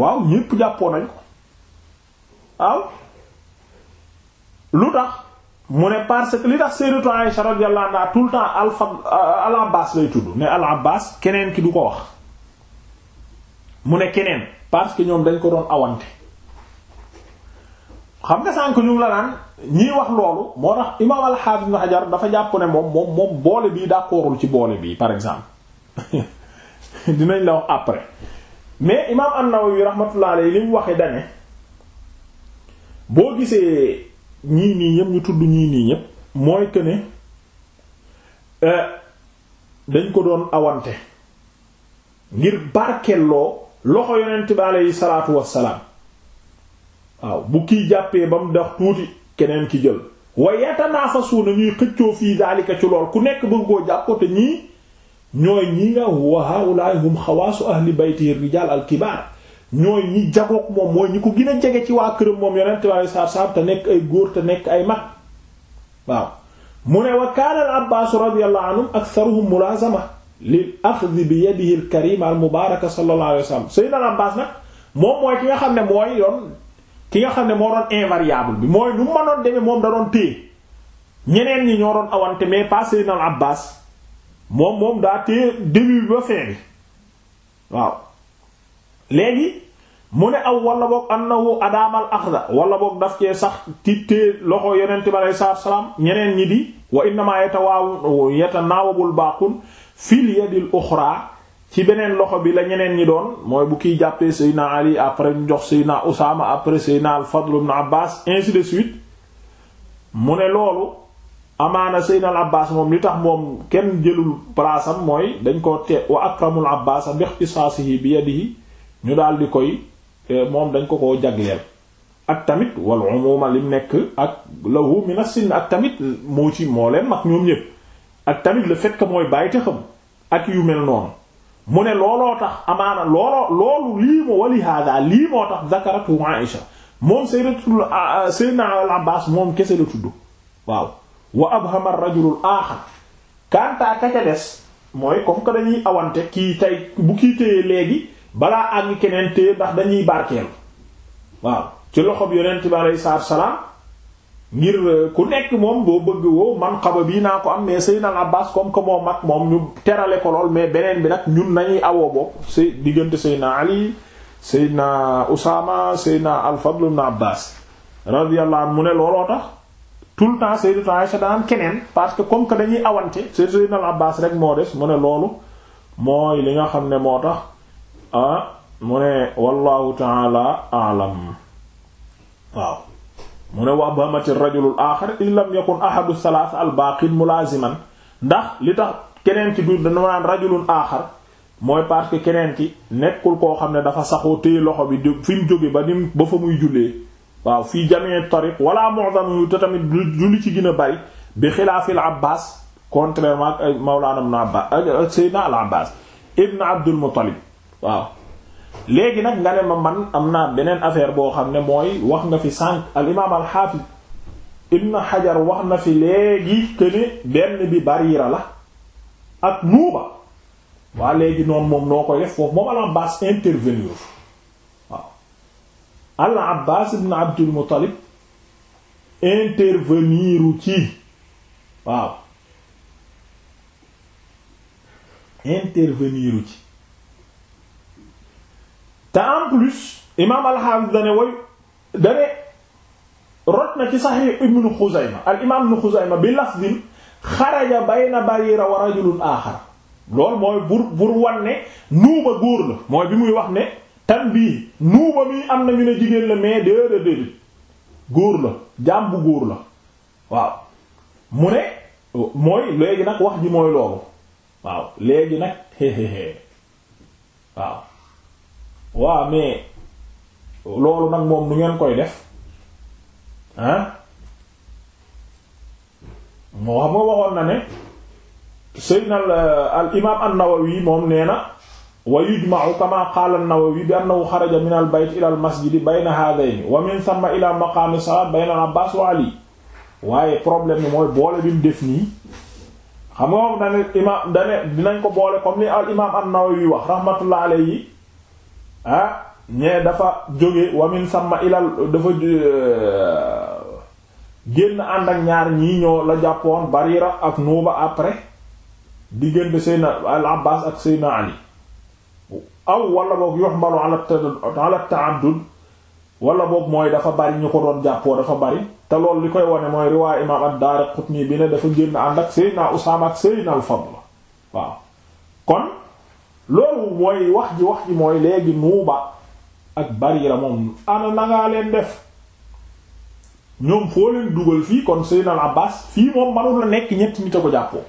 waaw ñépp jàppoo nañ ko waaw lu tax mu ne parce que li tax Sayyidatu Aïsha radiyallahu anha tout le temps al euh, Abbas lay tudd ne al Abbas keneen ki du ko wax mu ne keneen parce que ñoom dañ ko doon awante xam nga sànk ñu la naan ñiy wax loolu moo tax imaam al-Hafiz Ibn Hajar dafa jàpp ne moom moom moom boole bii d'accordul ci boole bii par exemple dinañ la wax après mais imaam an-Nawawi rahmatullah alayhi li mu waxee dane boo gisee ñii nii ñëpp ñu tudd ñii nii ñëpp mooy que ne euh, dañ ko doon awante ngir loo loxo yonent bi aleyhi salaatu wassalaam waaw bu kii jàppee ba mu dox tuuti keneen ki jël wa yatanaafasuuna ñuy xëccoo fii daalika ci lool ku nekk bëgg koo jàpp te ñii ñooy ñi nga wa haulaay hum xawaasu ahli bayti rijaal al kibaar ñooy ñi jagoog moom mooy ñi ko gën jege ci waa këram moom yonent waaye saab-saab te nekk ay góor te nekk ay mag waaw mu ne wa kaana al abbaasu radiyallahu anhum aktharuhum lil axdi bi yadihi al karima al mubaaraka sallallahu alayhi wa sallam sayyidina al abbaas nag moom yoon ki nga xam ne moo doon invariable bi mooy nu mu mënoon demee moom da doon téye ñeneen ñi ñoo doon awante mais pas Seydina Al Abbas moom moom daa téye début ba fin bi waaw léegi mu ne aw wala boog annahu adaamal axda wala boog daf cee sax ci téye loxo yonent bi aleyhi salaatu ñeneen ñi di wa innamaa yatawaawu yatanaawabu al baaqun fil yadil uxraa ci beneen loxo bi la ñeneen ñi doon mooy bu kiy jàppee Seydina Ali après ñu jox Seydina Usaama après Seydina al-Fadl ibn Abbas ainsi de suite mu ne loolu amaana Seydina al-Abbas moom li tax moom kenn jëlul place mooy dañ ko te wa akramul Abbas bi ñu daal di koy eh, moom dañ ko ko jagleel ak tamit wal umuma lim nekk ak lahu min as-sinn ak tamit mu ci moo leen mag ñoom ñëpp ak tamit le fait mooy bàyyi te xam ak yu mel noonu mu ne looloo tax amaana looloo loolu lii moo wali hada lii moo tax zakaratu Aïsha moom sayyidatul ah, ah, sayyidina al-Abbas moom kese la tudd waaw wa abhama ar-rajul al-akhar kanta des mooy ko que dañuy awante kii tey bu kii téyee léegi balaa àgg keneen téye ndax dañuy barkeel waaw ci loxob yonent bi alayhi salaam ngir euh, ku nekk moom boo bëgg woo man xaba bii naa ko am mais Seydina Abbas comme que moom mag moom ñu terale ko lool mais beneen bi nag ñun nañuy awoo bopp say diggante Seydina Ali Seydina Usaama Seydina al-Fadl na Abbas radiyallahu anhu mu ne looloo tax tout le temps Sayyidatu Aisha daan keneen parce que comme que dañuy awante Seydina Abbas rek moo des mu ne loolu mooy li nga xam ne moo tax ah mu ne wallahu ta'ala a'lam waaw mu ne wax bahamati rajulul aaxar in lam yakun ahadu salaasa albaqin mulaaziman ndax li tax keneen ci du dana naan rajulul aaxar mooy parce que keneen ki nekkul koo xam ne dafa saxoo téye loxo bi jóg fi mu jóge ba ni ba fa muy jullee waaw fii jamii tariq wala mu'zamu te tamit julli ci gën a bari bi xilaafil abbas contrairement ak mawlaana ibn abbas sayyidina al abbas ibn abdul muttalib waaw léegi nag nga ne ma man am naa beneen affaire boo xam ne mooy wax nga fi sànq al imaam al xaafis ibn xajar wax na fi léegi que benn bi bariira la ak nuuba waa léegi noonu moom noo koy def foofu moom al abbaas intervenir waaw al abbaas ibn abdul muttalib interveniru ci waaw interveniru ci te en plus imaam alxaafis dane woy dane rot na ci saxiix ibnu xuzayma al imaam ibnu xuzayma bi lafdin xaraja bayna barira wa rajulun aaxar loolu mooy bur bur wanne nuuba góor la mooy bi muy wax ne tan bii nuuba mi am na ñu ne jigéen la mais déedéet déedéet góor la jàmb bu góor la waaw mu ne mooy léegi nag wax ji mooy loolu waaw léegi nag waaw waaw mais loolu nag moom nu ngeen koy def ah moo xam nga waxoon na ne sayyidna al euh, imam an-Nawawi moom nee na wa yujma'u kama qaala an-Nawawi bi annahu xaraja min al bayt ila al masjidi bayna haadayni wa min thumma ila maqaami salaat bayna Abbaas wa Ali waaye problème bi mooy boole bi mu def nii xam nga moom dane imaam dane dinañ ko boole comme ni al imam an-Nawawi wax rahmatullah alayhi ah ñee dafa jóge wamin sàmma ilal dafa euh, génn ànd ak ñaar ñii ñoo la jàppoon barira ak nuuba après diggante seyna al abbas ak seyna ali aw wala boog yuhmalu ala ta'addud wala boog mooy dafa bari ñu ko doon jàppoo dafa bari te loolu li koy wane mooy riwaay imaam ad-Daaraqutni bi ne dafa génn ànd ak seyna Usaama ak seyna al-Fadl waaw kon loolu mooy wax ji wax ji mooy léegi nuuba ak barira moom ana nangaa leen def ñoom foo leen dugal fii kon si Seydina Abbas fii moom manul la nekk ñetti nit a ko jàppoo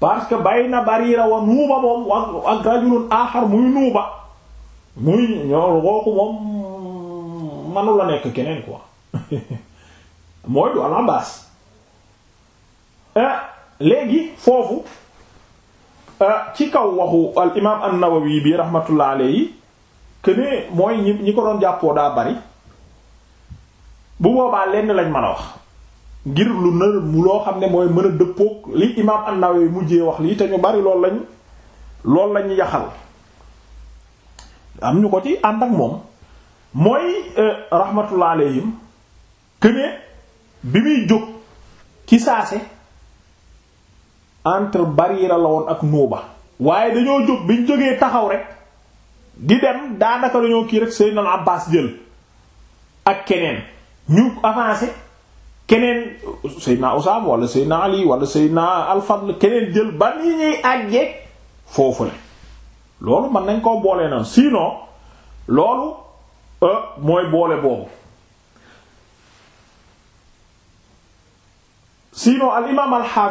parce que bay na barira wa nuuba moom ak rajulun aaxar muy nuuba muy ñoo kooku moom manul la nekk keneen quoi mooy du al Abbas eh, léegi foofu Euh, ci kaw waxu al imaam an-Nawawi bi rahmatullah alayhi que ne mooy ñi ñi ko doon jàppoo daa bari bu boobaa lenn lañ mën a wax ngir lu nar mu loo xam ne mooy mën a dëppoog li imaam an mujjee wax lii te ñu bari loolu lañ loolu lañ yaxal am ñu ko ci ànd ak moom mooy euh, rahmatullah alayhim que bi muy jóg ci saase. entre Barira la woon ak Nuuba waaye dañoo jóg biñ jógee taxaw rek di dem daanaka dañoo kii rek Seydina Abbaas jël ak keneen ñu avancé keneen Seydina Usaama wala Seydina Ali wala Seydina Al-Fadl keneen jël ba ni ñuy àggee foofu la loolu mën nañ koo boole noonu sinon loolu euh, mooy boole boobu sinon al imaam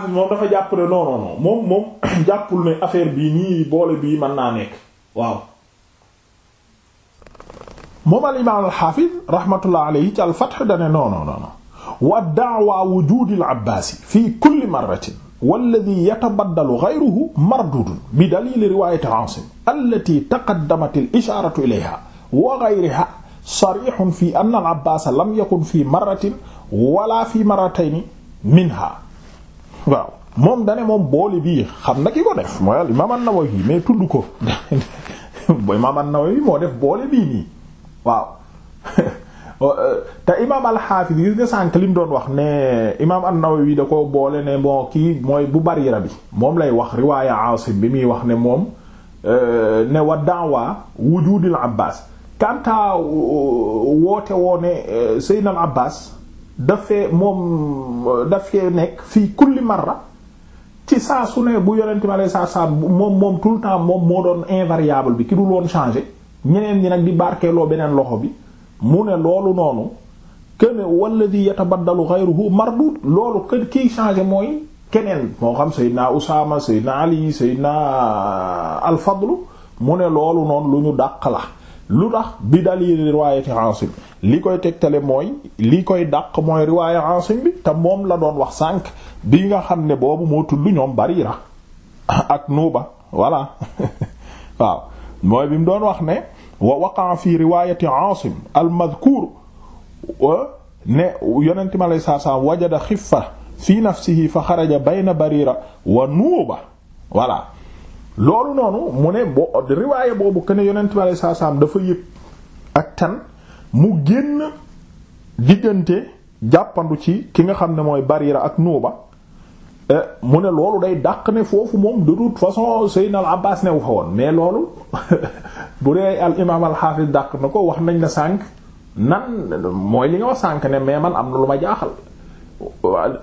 moom dafa jàpp ne non bii nii boole bii manna naa nekk waaw moom al imaam rahmatullah alayhi ci al fath dane non non non wa da'wa al abbaasi fi kulli marratin walladhi yatabaddalu ghayruhu mardudun bi dalil riwaayati aasim allati taqaddamat al ishaaratu ilayha wa ghayriha sarihun fi anna al abbaasa lam yakun fi marratin wala fi marratayni minha waaw moom dane moom boole bi xam na ki ko def mooy al imaam an-Nawawi mais tudd ko imaam an-Nawawi moo def boole bii nii waaw oh, euh, te imaam al-Hafiz gis nga sànk li mu doon wax ne imaam an-Nawawi da ko boole ne bon kii mooy bu Barira bi moom lay wax riwaaya Aasim bi muy wax ne moom euh, ne wa da'wa wujudil Abbas kanta euh, woote woo ne Seydina al-Abbas daf moom dafee nekk fii kulli marra ci saa su ne bu yonent ma lay saa saa moom moom tout le temps moom moo doon invariable bi ki dul woon changer ñeneen ñi nag di barkeeloo beneen loxo bi mu ne loolu noonu kene walladi yatabaddalu ghayruhu mardud loolu que kiy changer mooy keneen moo xam Seydina Usaama Seydina Ali Seydina Al Fadl mu ne loolu noonu lu ñu dàq la. lu tax bi dalil riwaayati Asim li koy tegtale mooy li koy dàq mooy riwaaya Asim bi te moom la doon wax sànq bi nga xam ne boobu moo tudd ñoom Barira ak Nuuba voilà waaw mooy bi mu doon wax ne wa waqaa fi riwaayati Asim al-madhkur ne yonent mi alayhi salaatu salaam wajada xiffa fi nafsihi fa xaraja bayna Barira wa Nuuba voilà loolu noonu mu ne bo riwaaye boobu kën ne yonent bi alayhi salaam dafa yëg ak tan mu génn diggante jàppandu ci ki nga xam ne mooy Barira ak Nuuba eh, mu ne loolu day dàq ne foofu moom de toute façon Seydina al Abbas ne wu fa woon mais loolu bu dee al imaam al xaafis dàq na ko wax nañ la sànq nan mooy li nga wax sànq ne mais man am na lu ma jaaxal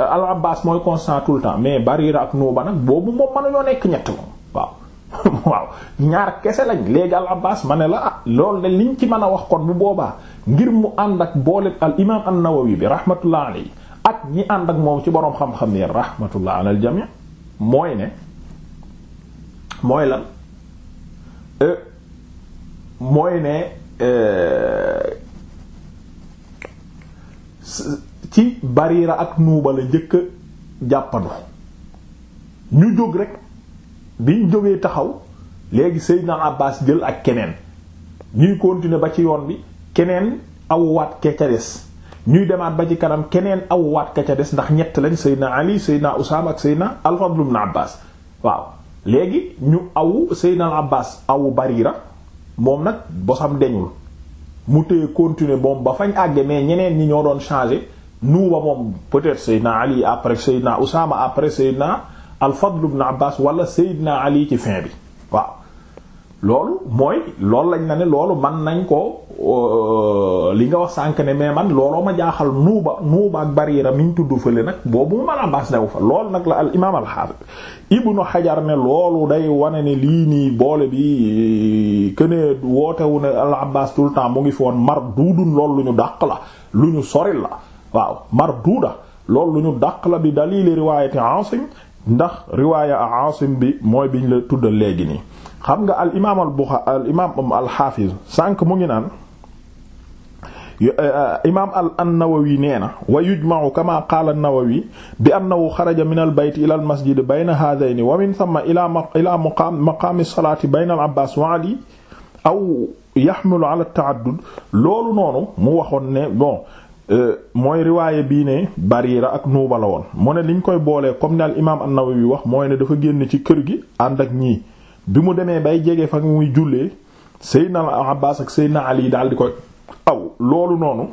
al Abbas mooy constant tout temps mais Barira ak Nuuba nag boobu moom mënuñoo nekk ñett moom waaw. waaw ñaar kese lañ léegi al abbas ma ne la ah lool de liñ ci mën a wax kon bu boobaa ngir mu ànd ak boole al imam an-Nawawi bi rahmatullah alayhi ak ñi ànd ak moom ci boroom xam-xam yi rahmatullah ala jami mooy ne mooy la euh, mooy ne euh, ci bariira ak nuuba la njëkk jàppandu ñu jóg rek biñ jógee taxaw léegi Seydina Abbas jël ak keneen ñuy continuer ba ci yoon bi keneen awu waat ca des ñuy demaat ba ci kanam keneen awwaat waat ca des ndax ñett lañ Seydina Ali Seydina Usaama ak Seydina al-Fadl ibn Abbas waaw léegi ñu aw Seydina Abbas awu Barira moom nag bosam deñul mu téye continuer moom ba fañ àgge mais ñeneen ñi ñoo doon changer nuuba moom peut-être Seydina Ali après Seydina Usaama après Seydina al-Fadl ibn Abbas wala Seydina Ali ci fin bi waaw loolu mooy loolu lañ la ne loolu man nañ ko euh, li nga wax sànk ne mais man looloo ma jaaxal nuuba nuuba ak Bariira mi ñu tudd fële nag boobu mu man Abbas new nag la al imaam al-Hafiz Ibnu Hajar ne wane ne lii nii boole bi kënee wootewu ne al temps mu ngi fi woon mar duudun loolu lu ñu dàq la lu ñu soril la waaw mar duuda loolu lu ñu dàq la bi dalili riwaayati Asim ndax riwaaya a Aasim bi mooy biñ la tuddal léegi nii xam nga al imaam al Buxaari al imaam al xaafiz sànq mu ngi naan eh, eh, imaam al an-Nawawi nee na wa yujma'u kama qaala an-Nawawi bi annahu xaraja min al bayt ila al masjid bayna haadayni wa min thumma ila ila maqaam maqaami salaati bayna al Abbaas wa Ali aw yaxmilu ala ta'addud loolu noonu mu waxoon ne bon Euh, mooy riwaaye bii ne Bariira ak Nuuba la woon mu ne liñ koy boolee comme ni al imaam an-Nawawi wax mooy ne dafa génn ci kër gi ànd ak ñii bi mu demee bay jege fa muy jullee Seydina Abbaas ak Seydina Ali daal di ko aw loolu noonu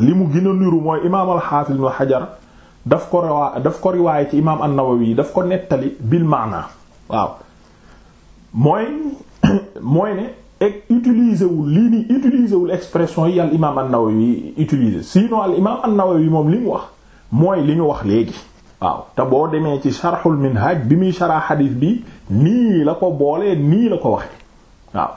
li mu gën a niru mooy imaam al-Hafiz Ibn daf ko riwaa daf ko riwaaye ci imaam an-Nawawi daf ko nettali bil maana waaw mooy mooy ne et utiliser wul lii nii utiliser wul expression yi al imaam an-Nawawi utiliser sinon al imaam an-Nawawi moom li mu wax mooy li ñu wax léegi. waaw te boo demee ci sharhul minhaj bi muy shara xadiis bi nii la ko boolee nii la ko waxee waaw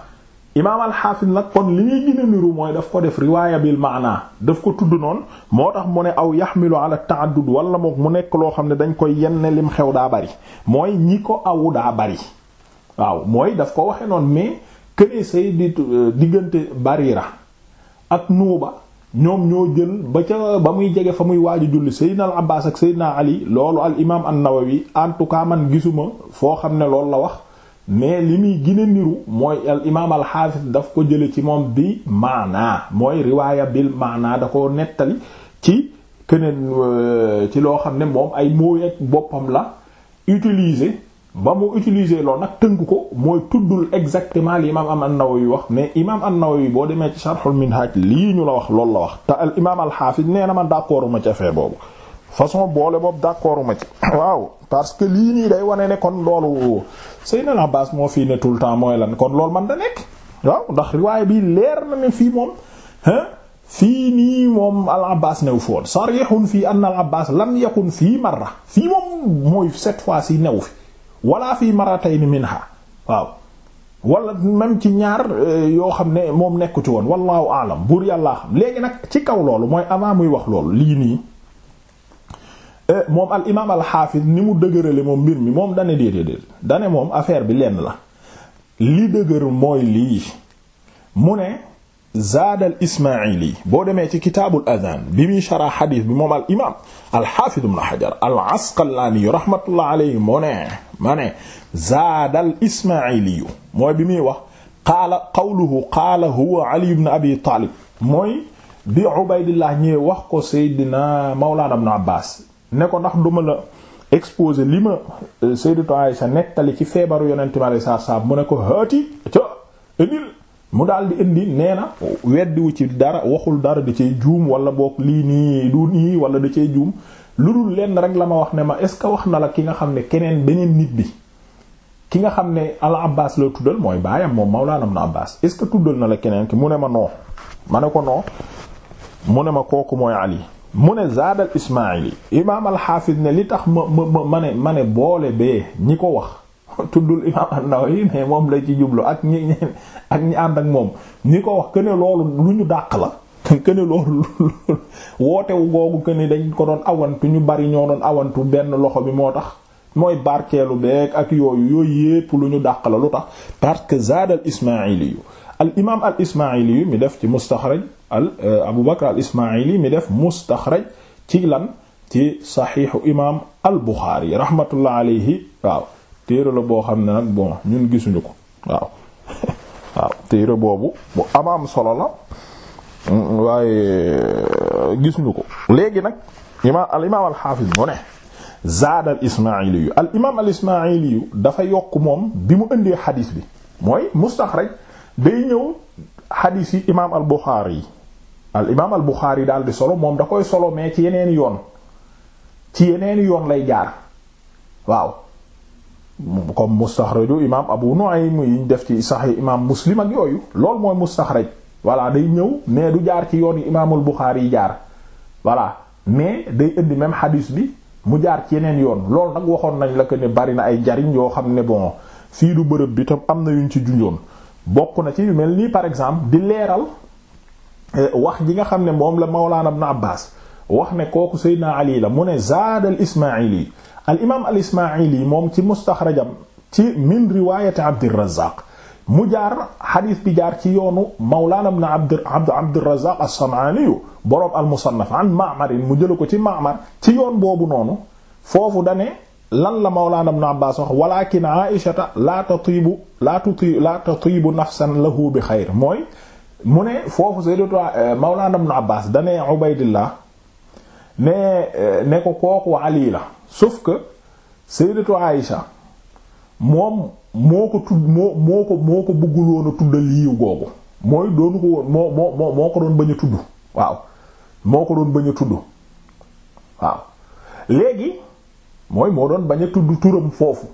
imaam al-Hafiz nag kon li ñuy gën a mooy daf ko def riwaaya bil maana daf ko tudd noon moo tax mu ne aw yaxmilu ala ta'addud wala mook mu nekk loo xam ne dañ koy yenn lim xew daa bari mooy ñi ko awu daa bari waaw këne say di euh, diggante barira ak nuuba ñoom ñoo jël ba ca ba muy jege fa muy waaju julli seydina al abbas ak seydina ali loolu al imaam an-nawawi en tout cas man gisuma foo xam ne loolu la wax mais li muy gine niru mooy al imaam al xaafis daf ko jële ci moom bi maanaa mooy riwaaya bil maanaa da ko nettali ci keneen euh, ci loo xam ne moom ay mooy ak boppam la utiliser ba mu utiliser loolu nag tënk ko mooy tuddul exactement li imaam an-Nawawi wax mais imaam an-Nawawi boo demee ci Sharhul Minhaj lii ñu la wax loolu la wax te al imaam al na man d'accordu ma ci affaire boobu façon boole boobu d'accordu ma ci waaw parce que lii nii day wane ne kon loolu Seydina Abbas moo fii ne tout le temps mooy lan kon loolu man da nekk waaw ndax riwaay bi leer na ne fii moom hein fii nii moom al abbas new fi woon sarihun fii anna al abbas lam yakun fii marra fii moom mooy cette fois ci new fi wala fii maratayni minha waaw wala même ci ñaar euh, yoo xam ne moom nekku woon wallahu alam buur yàlla xam léegi nag ci kaw loolu mooy avant muy wax loolu lii nii euh, moom al imaam al xaafis ni mu dëgërale moom mbir mi moom dane déedéet déedéet moom affaire bi lenn la li dëgër mooy lii mu ne zaada al ismaili boo demee ci kitaabul adaan bi muy shara xadiis bi moom al imaam al xaafid ibn xajar al asqalaani rahmatullah alayhi mu ne ma ne zaada al mooy bi muy wax qaala qawluhu qaala huwa ali ibn abi taalib mooy bi ubaydillah ñëwee wax ko seydina mawlaana ibn abbaas ne ko ndax duma la expose li ma sayyidatu Aisha nettali ci feebaru yonente mi alayhi salaam mu ne haati mu daal di indi nee na weddiwu ci dara waxul dara da cee juum wala boog lii nii du nii wala da cee juum lu dul lenn rek la ma wax ne ma est ce que wax na la ki nga xam ne keneen beneen nit bi ki nga xam ne al abbas la tuddal mooy baayam moom mawlaana ibn abbas est ce que tuddal na la keneen ki mu ne ma noo ma ne ko noo mu ne ma kooku mooy ali mu ne zaadal ismaili imaam alxaafis ne li tax ma ma ma ne ma ne boole bee ñi ko wax tuddul imam an-Nawawi mais moom lay ci jublu ak ñi ak ñi ànd ak moom ñi ko wax que ne loolu lu ñu dàq la que ne loolu wootewu googu que ne dañ ko doon awantu ñu bari ñoo doon awantu benn loxo bi moo tax mooy barkeelu beeg ak yooyu yooyu yépp lu ñu dàq la lu tax parce que zaad al ismailiyu al imam al ismailiyu mi def ci mustaxraj al euh, Abu Bakr al ismaili mi def mustaxraj ci lan ci saxiixu imam al Buxaari rahmatullah alayhi waaw téere la boo xam ne nag bon ñun gisuñu ko waaw waaw téere boobu bu amaam solo la mm, waaye euh, gisuñu ko léegi nag imaam al imaam al xaafis mu ne zaada al ismaayiliyu al imaam al dafa yokk moom bi mu indee xadiis bi mooy rek day ñëw xadiis yi imaam al buxaari yi al imaam al buxaari daal di solo moom da koy solo mais ci yeneen yoon ci yeneen yoon lay jaar waaw comme mustaxraju imaam Abu mu yi ñu def ci Sahih imaam Muslim ak yooyu loolu mooy mustaxraj voilà day ñëw mais du jaar ci yoon yi imaamul Buxaari yi jaar voilà mais day indi même hadis bi mu jaar ci yeneen yoon loolu nag waxoon nañ la que ne bari na ay jariñ yoo xam ne bon fii du bërëb bi tam am na yuñ ci junjoon bokk na ci yu mel nii par exemple di leeral eh, wax ji nga xam ne moom la Mawlaana Ibn Abbaas wax ne kooku Seydina Ali la mu ne zaadal Ismaayili al imaam al ismaa'ili moom ci mustaxrajam ci min riwaayati Abdurrazaaq mu jaar xadiis bi jaar ci yoonu Mawlaana ibn Abd Abdurrazaaq as-San'aani boroom al-Musannaf an Ma'mar mu jël ko ci Ma'mar ci yoon boobu noonu foofu dane lan la Mawlaana ibn Abbaas wax walaakin Aa'ishata laa tatiibu laa tatiibu laa tatiibu nafsan lahu bi xayr mooy mu ne foofu sayyidatu eh, Mawlaana ibn Abbaas dane Ubaydillah ne eh, ne ko kooku Ali la sauf que sayyidatu Aïcha moom moo ko tudd moo moo ko moo ko bëggul woon a tuddal yiw googu mooy doonu ko woon moo moo moo ko doon bañ a tudd waaw moo ko doon bañ a tudd waaw léegi mooy moo doon bañ a tudd turam foofu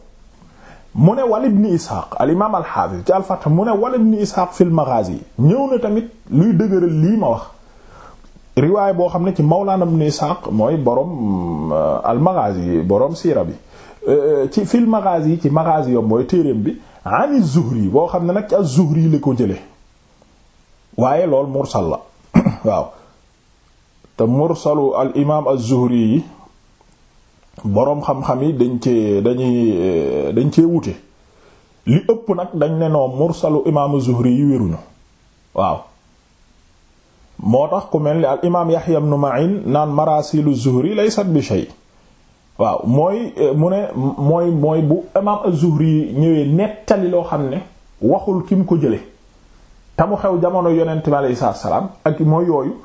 mu ne wal ibni ishaq al imaam al hafiz ci al fath mu ne wal ibni ishaq fil yi ñëw na tamit luy dëgëral lii ma wax riwaay boo xam ne ci Mawlana Ibn Ishaq mooy borom euh, al-Maghazi borom siira bi euh, euh, ci fil yi ci Maghazi yom mooy téereem bi ani Zuhri boo xam ne nag ci az-Zuhri la ko jële waaye lool mursal la waaw te mursalu al imaam az-Zuhri yi boroom xam-xam yi dañ cee dañuy dañ cee wute li ëpp nag dañ ne noo mursalu imaamu Zuhri yi wéruñu waaw moo tax ku mel ni al imaam Yahya ibn Ma'in naan marasilu zuhri laysat bi shay waaw mooy eh, mu ne mooy bu imaam az-Zuhri ñëwee nettali loo xam ne waxul ki ko jële te mu xew jamono yonent bi alayhi salaam ak mooy yooyu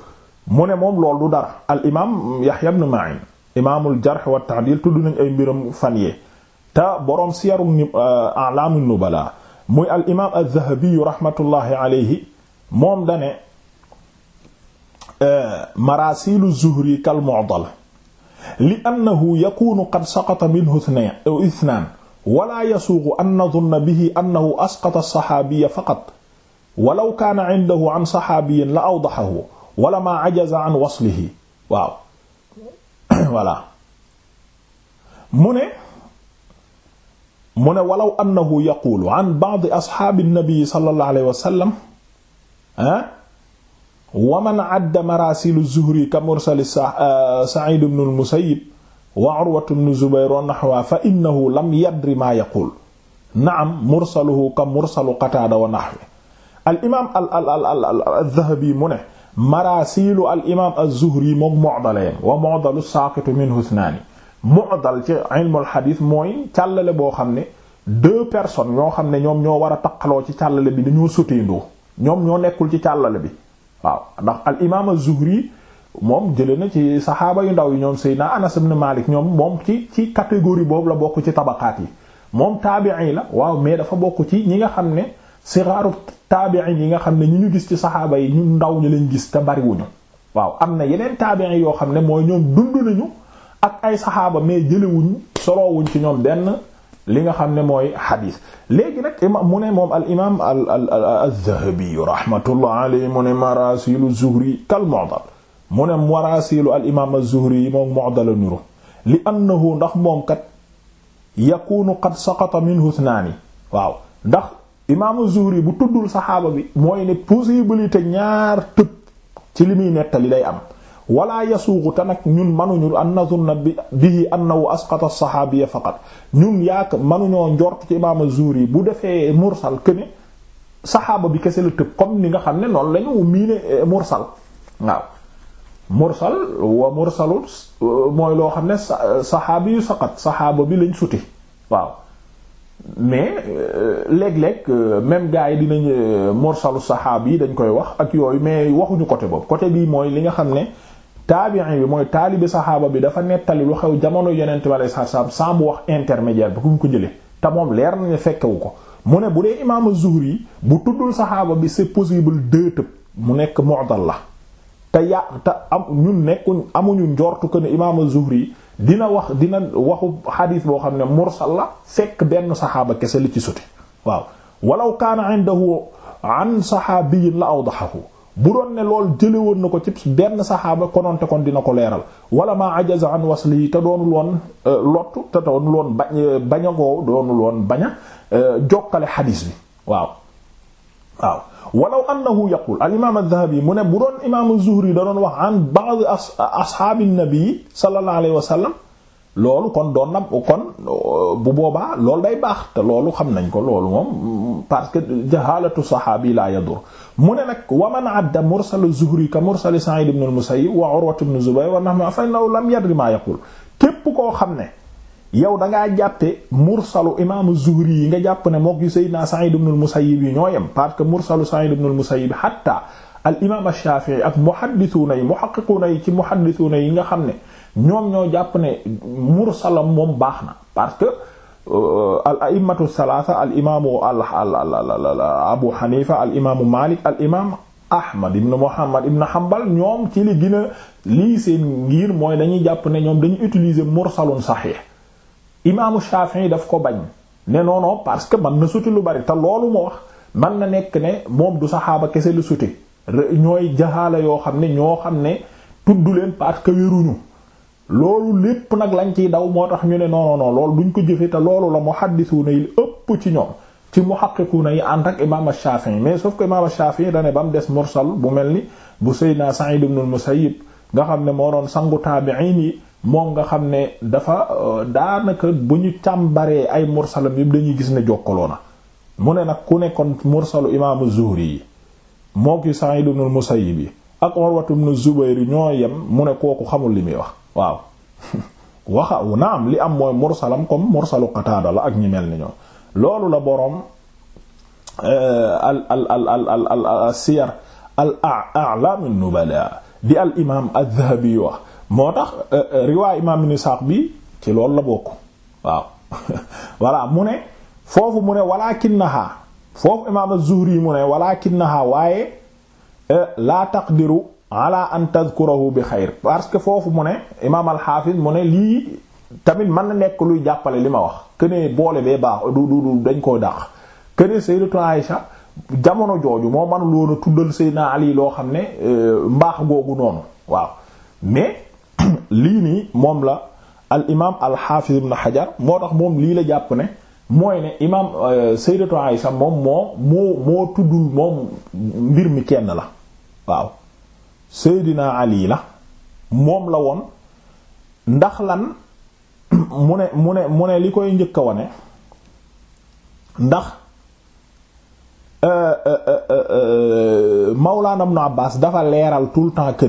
mu ne moom lool du dara al imaam Yahya ibn Ma'in imaamul jarh wa ta'dil tudd nañ ay mbiram fan yee ta boroom siyaru eh, a'lamun nubala muy al imaam az-Zahabi rahmatullahi alayhi moom dane marasilu zuhri kal mu'dal li annahu yakunu qad saqata minhu ithnaan wala yasuuqu an nadunna bihi annahu asqata saxaabiya faqat walaw kaana indahu an saxaabiyin la awdaxahu wala ma ajaza an waslihi waaw voilà mu ne mu ne walaw annahu yaquulu an ba'di asxaabi nabi sallallahu alayhi wa sallam ah waman adda marasilu zuhri ka mursali eh, sa'id ibn al-musayyib wa urwatu ibn zubayr wa nahwa fa innahu lam yadri ma yaqul naam mursaluhu ka mursalu qataada wa nahwi al imaam al al al al-dhahabi mu ne marasilu al imaam az-zuhri moom mu'daleen wa mu'dalu saaqitu minhu ithnaani mu'dal ci ilmul xadiis mooy càllale boo xam ne deux personnes ñoo xam ne ñoom ñoo war a taqaloo ci càllale bi dañoo soteendoo ñoom ñoo nekkul ci càllale bi waaw ndax al imaam az moom jëlee na ci saxaaba yu ndaw yi ñoom naa Anas ibn Malik ñoom moom ci ci catégorie boobu la bokk ci tabaqaat yi moom taabi'i la waaw mais dafa bokk ci ñi nga xam ne sigaaru taabi'in yi nga xam ne ñu ñu gis ci saxaaba yi ñu ndaw ñu lañ gis te bariwuñu waaw am na yeneen taabi'in yoo xam ne mooy ñoom dund nañu ak ay saxaaba mais jëlewuñ solowuñ ci ñoom benn li nga xam ne mooy xadiis léegi nag mu ne moom al imaam al al al-Dhahabi rahmatullah alayhi mu ne maraasilu Zuhri kal Mu'dal mu ne maraasilu al imaam az-Zuhri moom Mu'dal nuru li annahu ndax moom kat yakunu qad saqata minhu ithnaani waaw ndax imaamu Zuhri bu tuddul saxaaba bi mooy ne possibilité ñaar tëb ci li muy nettali day am. wala yasuuqu te nag ñun manuñu an nazunna bi bihi annahu asqata as-sahaabiyya faqat ñun yaak manuñoo njort ci imaam az-Zuhri bu defee mursal que ne saxaaba bi kese la tëb comme li nga xam ne noonu lañu miine eh, mursal waaw mursal wa mursalu mooy loo xam ne saxaabi yu saqat saxaaba bi lañ suti waaw mais euh, léeg-léeg euh, même gars yi dinañ euh, mursalu saxaabi yi dañ koy wax ak yooyu mais waxuñu côté boobu côté bii mooy li nga xam ne taabiin bi mooy taalibi saxaaba bi dafa nettali lu xew jamono yonente bi alayhi salaam sans mu wax intermédiaire bi ku ko jëlee te moom leer nañu fekkewu ko mu ne bu dee imaam Zuhri bu tuddul saxaaba bi c'est possible deux tëb mu nekk mu'dal la te ya te am ñun nekkuñ amuñu njortu ko ne imaam Zuhri dina wax dina waxu xadiis boo xam ne mursal la fekk benn saxaaba kese li ci sote waaw walaw kaana indahu an saxaabiyin la awdahahu bu doon ne lool jële woon na ko ci benn saxaaba kononte koon dina ko leeral wala ma ajaza an wasli te doonul woon euh, lottu te doonul woon ba euh, bañ a goow doonul bañ a euh, jokkale xadiis bi waaw waaw walaw annahu yaqul al imam adh-Dhahabi mu ne bu doon imam az-Zuhri da doon wax an ba'd ashaabi nabi sallallahu alayhi wa loolu kon doon na kon bu boobaa loolu day baax te loolu xam nañ ko loolu moom parce que jahalatu saxaabi la yadur mu ne nag wa man adda mursal zuhri ka mursal sa'id ibn al-musayyib wa urwat ibn zubayr wa nahma fa lam yadri ma yaqul képp koo xam ne yow da ngaa jàppe mursalu imaamu zuhri yi nga jàpp ne mook yu sayyidina sa'id ibn al-musayyib yi ñoo yem parce que mursalu sa'id ibn al-musayyib hatta al imam ash-shafi'i ak muhaddithuna yi muhaqqiquna yi ci muhaddithuna yi nga xam ne ñoom ñoo jàpp ne mursalam moom baax na parce que euh, al a'immatu salaasa al al al abu xanifa al imaamu malik al imaam ahmad ibn muhammad ibn hanbal ñoom ci li gën a lii seen ngir mooy dañuy jàpp ne ñoom dañu utiliser mursalun saxiix imaamu shafi'i daf ko bañ ne non parce que man na suti lu bari te loolu moo wax man na nekk ne moom du saxaaba kese lu suti ñooy jaxaala yoo xam ne ñoo xam ne tudd leen parce que wéruñu loolu lépp nag lañ ciy daw moo tax ñu ne non non loolu duñ ko jëfe te loolu la muhaddisuuna yi ëpp ci ñoom ci muhaqqiquuna yi ànd ak imaam Shaafi'i mais sauf que imaam Shaafi'i da ne ba mu des mursal bu mel ni bu Seydina Sa'id ibn al-Musayyib nga xam ne moo doon sangu taabi'iin yi moom nga xam ne dafa euh, daanaka bu ñu càmbaree ay mursalam yëpp dañuy gis ne jokkaloo na mu ne nag ku nekkoon mursalu imaamu Zuhri yi moo ki Sa'id ibn al-Musayyib yi ak Urwatu ibn Zubayr ñoo yem mu ne kooku xamul li muy wax. waaw waxa naam li am mooy mursalam comme mursalu Qataada la ak ñi mel ni ñoom loolu la boroom eh, al al al al al al siyar al a'lam an-nubala di al imaam az-Zahabi wax moo tax eh, eh, riwaay imaam Ibn Isaaq bi ci loolu la bokk waaw voilà mu ne foofu mu ne walaakinnaha foofu imaam az-Zuhri mu ne walaakinnaha waaye laa taqdiru ala an tadhkurahu bi xayr parce que foofu mu ne imaam alxaafis mu ne lii tamit mën na nekk luy jàppale li ma wax kënee boole bee baax du du du dañ koy dàq kënee sayyidatu Aïsha jamono jooju moo man loon a tuddal Seydina Ali loo xam ne euh, mbaax googu noonu waaw mais lii nii moom la al imaam alxaafis ibn Hajar moo tax moom lii la jàpp ne mooy ne imaam euh, sayyidatu Aïsha moom moo moo moo tuddul moom mbir mi kenn la waaw Seydina Ali la moom la woon ndax lan mu ne mu ne mu ne li koy njëkk a wane ndax euh, euh, euh, Mawlaana Ibn Abbaas dafa leeral tout le temps que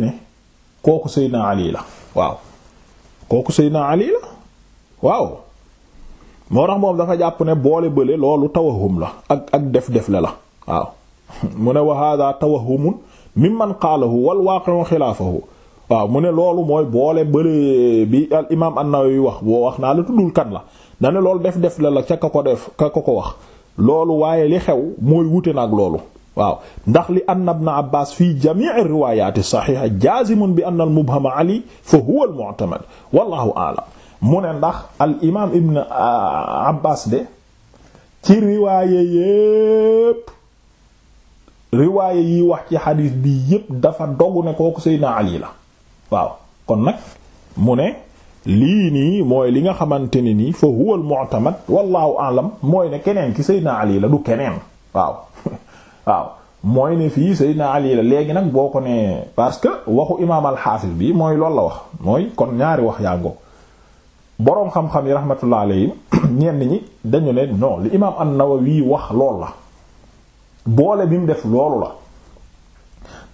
kooku Seydina Ali la waaw kooku Seydina Ali la waaw moo tax moom dafa jàpp ne boole bële loolu tawahum la ak ak def def la la waaw mu ne wa hada tawahumun mimman qaalahu wal waaqi'u xilaafahu waaw mu ne loolu mooy boole bële bi al imaam wax wax naa la tuddul kan la na ne loolu def def la la ca ka ko wax loolu waaye li xew mooy wute na ak loolu waaw ndax li anna ibn Abbaas fii jamii riwaayaati saxiixa jaazimun bi anna al-mubhama ali fa huwa al-mu'tamad wallaahu mu ne ndax al imaam ah, Abbaas de ci riwaaye yépp riwaaye yi wax ci xadiis bi yépp dafa dogu ne kooku Seydina Ali la waaw kon nag mu ne lii nii mooy li nga xamante ni nii fa huwa al mu'tamad wallahu alam mooy ne keneen ki Seydina Ali la du keneen waaw waaw mooy ne fii Seydina Ali la léegi nag boo ko ne parce que waxu imaam alxaafis bi mooy loolu la wax mooy kon ñaari wax yaa ngoog boroom xam-xam yi rahmatullah alayhi ñenn ñi dañu ne non li imaam an-Nawawi wax lool la boole bi mu def loolu la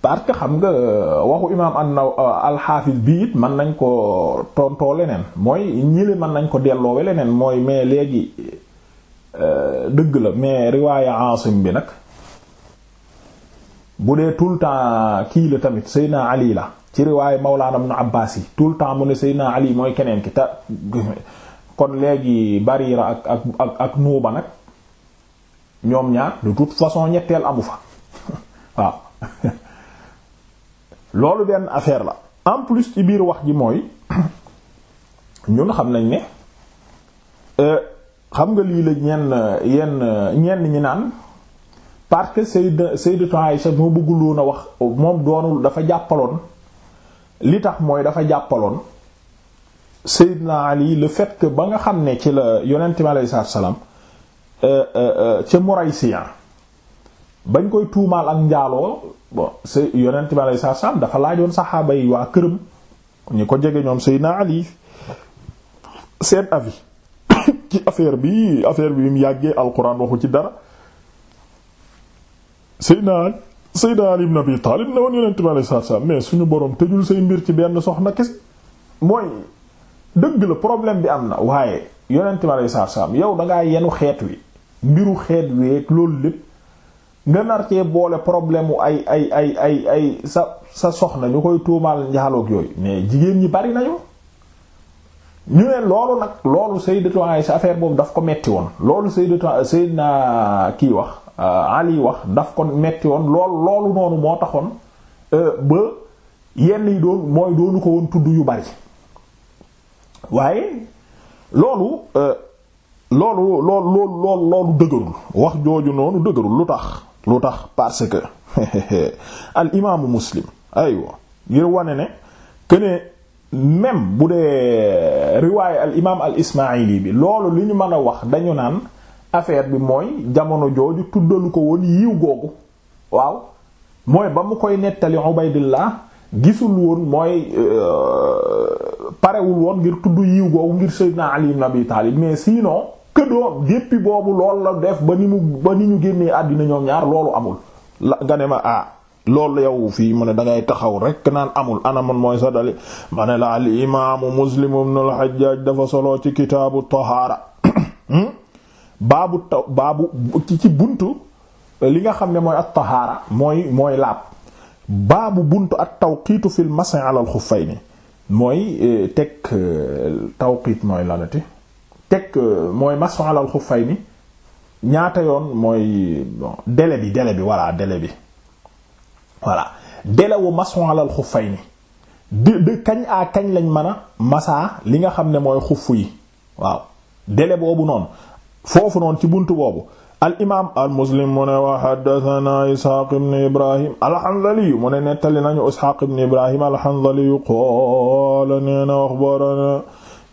parce que xam nga euh, waxu imaam annaw euh, alxaafis bi it mën nañ ko tontoo leneen mooy ñile mën nañ ko delloo delloowe leneen mooy mais léegi euh, dëgg la mais riwaaya Aasim bi nag bu dee tout le temps kii la tamit Seydina Ali la ci riwaaya Mawlaana Ibn Abbaas yi tout le temps mu ne Seydina Ali mooy keneen ki ta kon léegi Bariira ak ak ak ak Nuuba nag ñoom ñaar de toute façon ñetteel amu fa waaw loolu benn affaire la en plus ci biir wax ji mooy ñun xam nañ ne euh, xam nga lii la ñenn yenn ñenn ñi naan parce que Sayyid Sayyidatu Aïsha moo bëgguloon a wax moom doonul dafa jàppaloon li tax mooy dafa jàppaloon naa Ali le fait que ba nga xam ne ci la yonent bi alayhi salaam Euh, euh, euh, ca Muraysiya bañ koy tuumaal ak njaaloo bon c'est yonent bi alayhi salaam dafa laajoon saxaaba yi waa këram ñu ko jege ñoom Seydina Ali seen avis ci affaire bi affaire bi mu yàggee alquran waxu ci dara Seydina Seydina Ali ibn Abi Talib ne woon yonent bi mais suñu borom tëjul say mbir ci benn soxna kese mooy dëgg la problème bi am na waaye yonent bi alayhi yow da yenu xeet wi. mbiru xeet weeg loolu lépp nga nar boole problème wu ay ay ay ay ay sa soxna ñu koy tuumaal njaaloog yooyu mais jigéen ñi bari nañu ñu ne loolu nag loolu Sayyidatu Aisha affaire boobu daf ko metti woon loolu Sayyidatu Sayyidna kii wax euh, Ali wax daf ko metti woon loolu loolu noonu moo taxoon euh, ba yenn yi doon mooy doonu ko woon tudd yu bari waaye loolu euh, loolu loolu loolu dëgërul wax jooju noonu dëgërul lu tax lu tax parce que al imaamu muslim aywa ngir wane ne que ne même bu dee riwaay al imaam al ismaayili bi loolu li ñu mën a wax dañu naan affaire bi mooy jamono jooju tuddalu ko woon yiw googu waaw mooy ba mu koy nettali ubaydillah gisul woon mooy euh, parewul woon ngir tudd yiw googu ngir sayyidina ali ibn abi taalib mais sinon que doom boobu loolu la def ba ni mu ba ni ñu génnee àddina ñoom ñaar loolu amul la nga ne ma ah loolu yow fii mu ne da taxaw rek naan amul ana man mooy sa dali ma ne la al imaamu muslim ibn al hajjaj dafa solo ci kitaabu tahaara hmm? baabu taw baabu ci buntu li nga xam ne mooy at tahaara mooy mooy laab baabu buntu at tawqiitu fil mas'i ala al xuffayni mooy eh, teg eh, tawqiit mooy lanati teg euh, mooy mason alal xuffay ni ñaata yoon mooy bon délai bi délai bi voilà délai bi voilà délai wu mason alal ni de de kañ à kañ lañ mën a masaa li nga xam ne mooy xuff yi waaw délai boobu noonu foofu noonu ci bunt boobu al imaam al muslim mu ne wa haddathana ishaaq ibn ibrahim al hanzali mu ne nettali nañu ishaaq ibn ibrahim al hanzali qaala nee na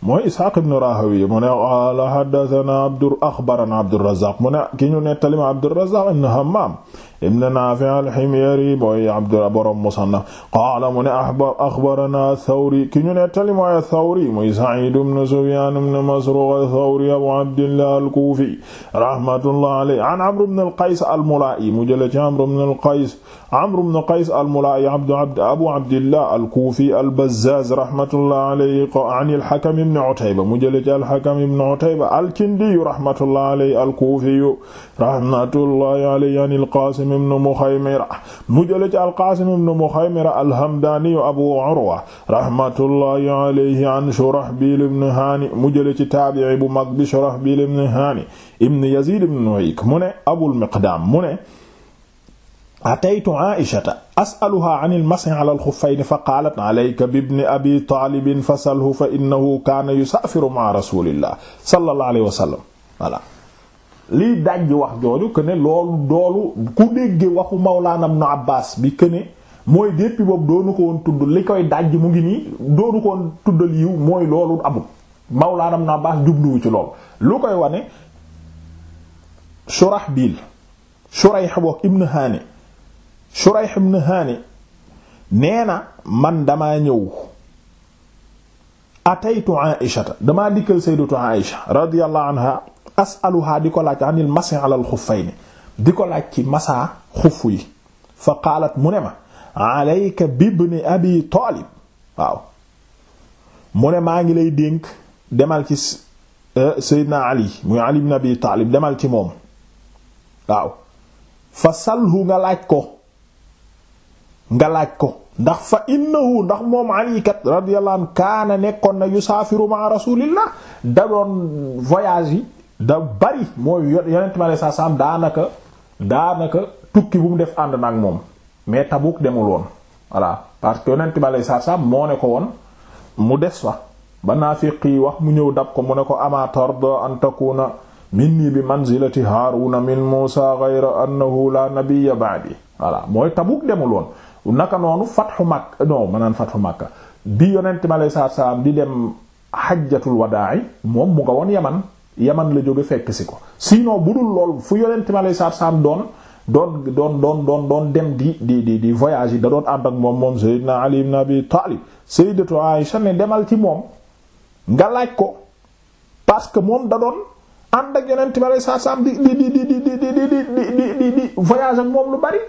mooy Isxaaq ibn Raahawayh mu ne qaala haddasanaa Abdur axbaranaa Abdurrazaaq mu ne ki ñu nettali ma Abdurrazaaq ibn Hammaam ibn Naafi al-Himyari mooy abdu borom Musannaf qaala mu ne axbarana Thawri ki ñu nettali mooy Thawri muy Sa'iid ibn Sufyaan ibn Masruuq ath-Thawri Abu Abdillah al-Kuufi rahmatullah alayhi an Amr ibn al-Qays al-Mulaa'i mu jële ci Amr ibn al-Qays Amr ibn Qays al-Mulaa'i Abu Abdillah al-Kuufi al-Bazzaaz rahmatullah alayhi an al-Hakam ibn Utayba mu jële ci al-Hakam ibn Utayba al-Kindi rahmatullah alayhi al-Kuufi rahmatullahi alayhi an al-Qasim ibn Mukhaymira mu jële ci al-Qasim ibn Mukhaymira al-Hamdani Abu Urwa rahmatullahi alayhi an Shurahbil ibn Hani mu jële ci taabi'i bu mag bi Shurahbil ibn Hani ibn Yazid ibn Uyayk mu ne Abul Miqdam mu ne ataytu Aishata as'aluha an al-mashi ala al-khuffayn fa qaalat alayka bi ibni abi Talib fasalhu fa innahu kana yusafiru ma'a rasulillah sallallahu alayhi wa sallam voilà liy dajji wax jooju que ne loolu doolu ku dégge waxu Mawlaana Ibn Abbaas bi que ne mooy déppi boobu doonu ko woon tudd li koy dajji mu ngi nii doonu ko woon tuddal yiw mooy loolu amul Mawlaana Ibn Abbaas jubluwu ci loolu lu koy wane Shurahbil Shurayh bokk Ibn Haani Shurayh na man damaa ñëw ataytu Aïshata damaa dikkal sayyidatu Aïsha radiyallahu anha asaluha di ko laaj anil masi alal xuffayni di ko laaj ci masaa xuff yi fa qaalat mu ne ma alayka bibni abi taalib waaw mu ne maa ngi lay dénk demal ci eh, seydina ali muy ali ibn abi taalib demal ci moom waaw fa salhu nga laaj ko nga laaj ko ndax fa innahu ndax moom ali kat radiyallahu anhu kaana nekkoon na yusaafiru ma rasulillah da doon voyage yi da bari mooy yonent mi aleyhi salaatu salaam daanaka daanaka tukki bu mu def ànd na ak moom mais Tabuk demul woon voilà parce que yonent mi aleyhi salaatu salaam moo ne ko woon mu des fa ba naafiq wax mu ñëw dab ko mu ne ko ama tarda bi manzilati haaruna min muusa ghayra annahu la mooy Tabuk demul woon naka noonu fatxu Makka euh, non manaan fatxu Makka bi yonent mi moom mu nga woon Yaman yaman la jóge fekk si ko sino bu dul lool fu yonent mi alayhi salaatu salaam doon doon doon doon dem di di di di voyage yi da doon ànd ak moom moom Seydina Ali ibn Abi Taalib Sayyidatu Aïcha ne demal ci moom nga laaj ko parce que moom da doon ànd ak yonent mi alayhi salaatu salaam di di di di di di di di voyage ak moom lu bari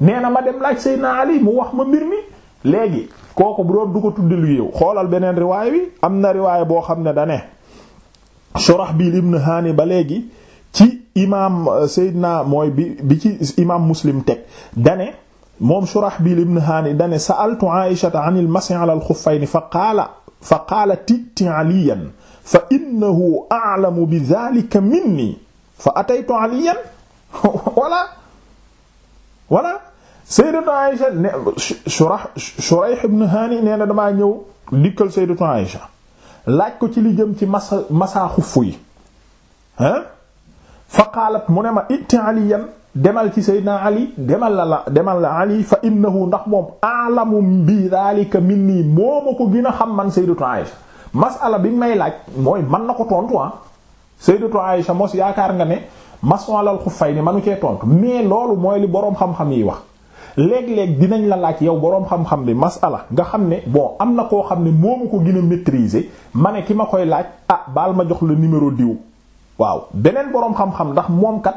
nee na ma dem laaj Seydina Ali mu wax ma mbir mi léegi kooku bu doon du ko tuddil yow xoolal beneen riwaay bi am na riwaay boo xam ne da Shurahbil ibn Hani ba léegi ci imaam euh, Seydina mooy bi bi ci imaam Muslim teg dane moom Shurahbil ibn Hani dane sa'altu Aïshata anil masi ala al-xuffayni fa qaala fa qaalat i'ti Aliyan fa innahu a'lamu bi dhaalika minni fa ataytu Aliyan voilà voilà Sayyidatu Aïsha ne Shurah Shurayh ibn Hani nee na damaa ñëw dikkal Sayyidatu Aïsha laaj ko ci li jëm ci masa masaa xuffu yi hein fa qaalat mu ne ma itti aliyan demal ci sayyidina ali demal la la demal la ali fa innahu ndax moom aalamu bi daalika minni moo ma ko gën a xam man sayyidatu Aisha masala bi may laaj mooy man na ko tontu ah sayyidatu Aisha mos yaakaar nga ne masalal fay ni manu cee tontu mais loolu mooy li boroom xam-xam yi wax léeg-léeg dinañ la laaj yow boroom xam-xam bi masala nga xam ne boo am na koo xam ne moomu ko gën a maîtriser ma ma koy laaj ah ma jox la numéro diw waaw beneen boroom xam ndax moom kat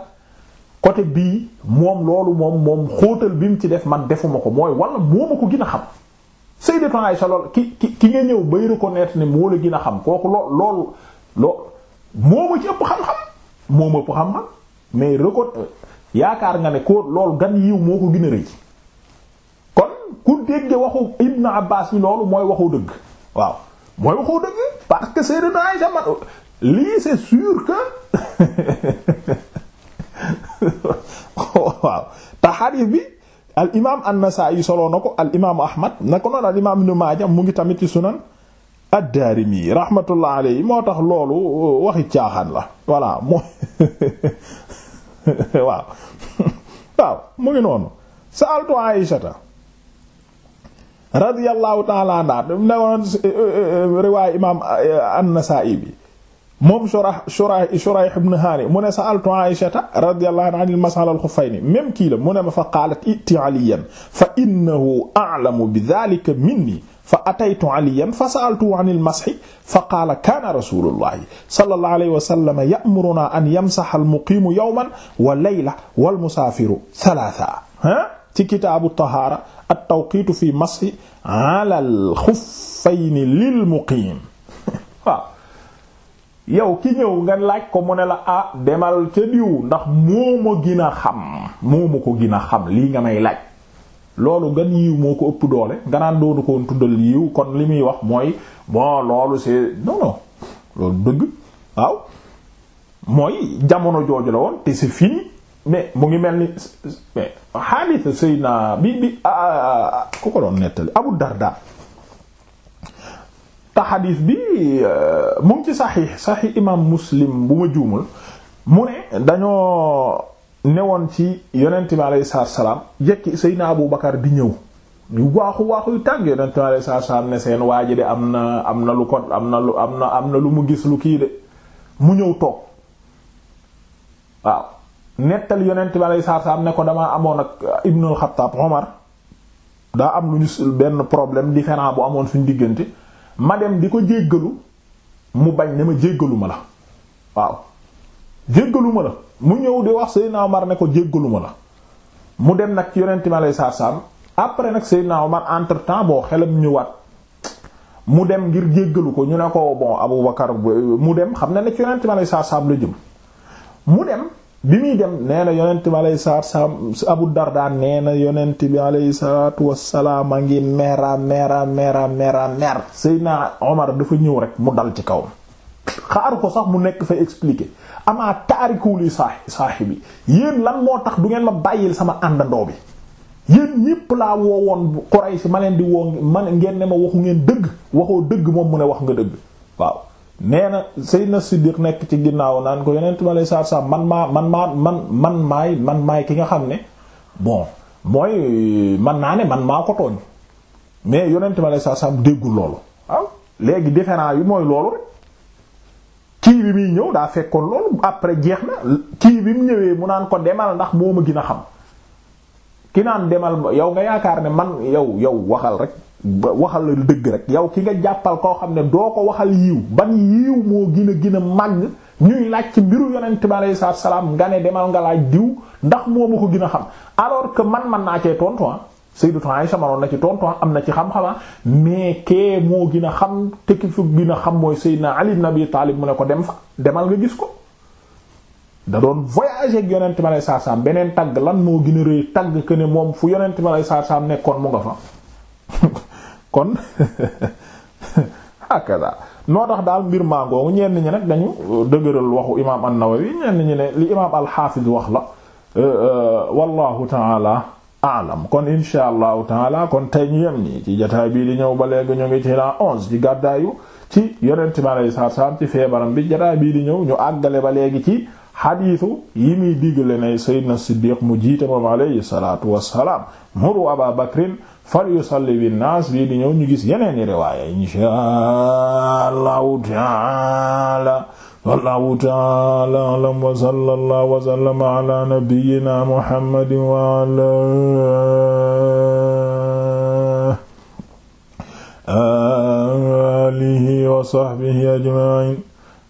côté bii moom loolu moom moom bi mu ci def man defuma ko mooy wala moomu ko gën a xam Sayyidatu Aisha lool ki ki ki nga ñëw bay reconnaître ne moo la gën a xam kooku loo loolu loo moomu ci ëpp xam-xam moomu mais reco yaakaar nga ne ko lool gan yiw moo ko gën a rëy ku dégge waxu Ibn Abbas bi loolu mooy waxu dëgg waaw mooy waxu dëgg parce que Sayyidina Aisha man lii c'est sûr que waaw te bi al imaam an-Nasaa'i soloo na ko al imaamu Ahmad na ko noonu al imaam Ibn Maaja mu ngi tamit ci sunan ad-Daarimi rahmatullah alayhi moo tax loolu uh, waxi caaxaan la voilà mooy waaw waaw mu ngi noonu sa'altu Aishata radiyallahu taala anha dam newoon eh, eh, eh, riwaay imam an-Nasa'i bi moom shura shura Shurayh ibn Hani mu ne sa'altu Aishata radiyallahu anha al-mas'al al-khuffayn même kii la mu ne ma fa qaalat i'ti Aliyan fa innahu a'lamu bi dhalika minni fa ataytu Aliyan fa sa'altuhu an al-mashi fa qaala kaana rasuulullahi sallallahu alayhi wa sallam ya'muruna an yamsaha al-muqiimu yawman wa layla wal musaafiru thalatha ha ci kitaabu tahaara at tawqiitu fi mashi alal xuffayni lil muqiim waaw yow ki ñëw nga laaj ko mu ne la ah demal ca diw ndax moo ma gën a xam moo ma ko gën a xam lii nga may laaj loolu gan yiw moo ko ëpp doole nga naan doonu ko tuddal yiw kon li muy wax mooy bon loolu c'est non loolu dëgg waaw mooy jamono jooju la woon te c'est fini mais mu ngi mel ni mais xaalisa Seydina bi bi ku ko doon nettali Abu Darda te xadiis bi euh, mu ngi ci saxiix saxiix imaam Muslim bu ma juumul mu ne dañoo newoon ci yonent bi alayhi salaatu salaam jekki Seydina Abu Bakar di ñëw ñu waaxu waaxu tàng yonent bi salaam ne seen waa de am na am na lu ko am na lu am na am na lu mu gis lu kii de mu ñëw toog waaw nettali yonent bi aleyhi salaatu salaam ne ko damaa amoon ak Ibnul Xattaab Omar daa am lu ñu benn problème différent bu amoon suñu diggante ma dem di ko jéggalu mu bañ ne ma jéggalu ma la waaw jéggalu la mu ñëw di wax Seydina Omar ne ko jéggalu ma la mu dem nag ci yonent bi aleyhi salaatu salaam après nag Seydina Omar entre temps boo xelam ñëwaat mu dem ngir jéggalu ko ñu ne ko bon Aboubacar mu dem xam na ne ci yonent bi aleyhi salaatu la jëm mu dem. bi muy dem nee na yonent bi alayhi salaatu salaam Abu Darda nee yonent bi alayhi salaatu wassalaam a ngi mera mera mera mera mer Seydina Omar dafa ñëw rek mu dal ci kawam xaaru ko sax mu nekk fay expliquer amaa taariku li saa saaxi bi yéen lan moo tax du ngeen ma bàyyil sama àndandoo bi yéen ñépp laa woo woon Quraysh ma leen di woo ma ngeen ne ma waxu ngeen dëgg waxoo dëgg moom mu ne wax nga dëgg waaw nee na Seydina Siddiq nekk ci ginnaaw naan ko yonent ma lay saa saar man maa man maa man man maay man maay ki nga xam ne bon mooy man naa ne man maa ko tooñ mais yonent ma lay saar saar déggul loolu waaw léegi différent yi mooy loolu rek kii bi muy ñëw daa fekkoon loolu après jeex na kii bi mu ñëwee mu naan ko demal ndax moo ma gin a xam ki naan demal yow nga yaakaar ne man yow yow waxal rek waxal la dëgg rek yow ki nga jàppal koo xam ne doo ko waxal yiiw ban yiiw moo gën a gën a màgg ñuy laaj ci mbiru yonent bi alayhi salaatu salaam nga demal nga laaj diw ndax moo ko gën a xam alors que man man naa cee tontu ah Sayyidatu Aisha manoon na ci tontu ah, am na ci xam ah, mais kee moo gën a xam te ki fi xam mooy Sayyidina Ali ibn Abi mu ne ko dem demal nga gis ko. da doon voyager ak yonent bi alayhi salaatu salaam beneen tagg lan moo gën a rëy tagg que ne moom fu yonent bi alayhi nekkoon mu nga fa. kon hakada noo tax daal mbir mangoogu ñenn ñi nag dañu euh, dëgërël waxu imaam an-Nawawi ñenn ñi ne li imaam al-Hafiz wax la euh, euh, wallahu taala alam kon insha allahu taala kon tey ñu yem nii ci jataay bii di ñëw ba léegi ñu ngi ci la onze ci gàddaayu ci yonent mi alayhi salaatu salaam ci feebaram bi jataay bii di ñëw ñu àggale ba léegi ci xadiisu yi muy digle ne Seydina Siddiq mu jiite moom alayhi salaatu wassalaam muru Abaa Bakrin fal yusalli binnaas bii di ñëw ñu gis yeneen i riwaaya inshaa Allahu ta'aala wallahu ta'aala a'lam wa sallallahu wa sallama ala nabiyyina Muhammadin wa ala alihi wa sahbihi ajma'in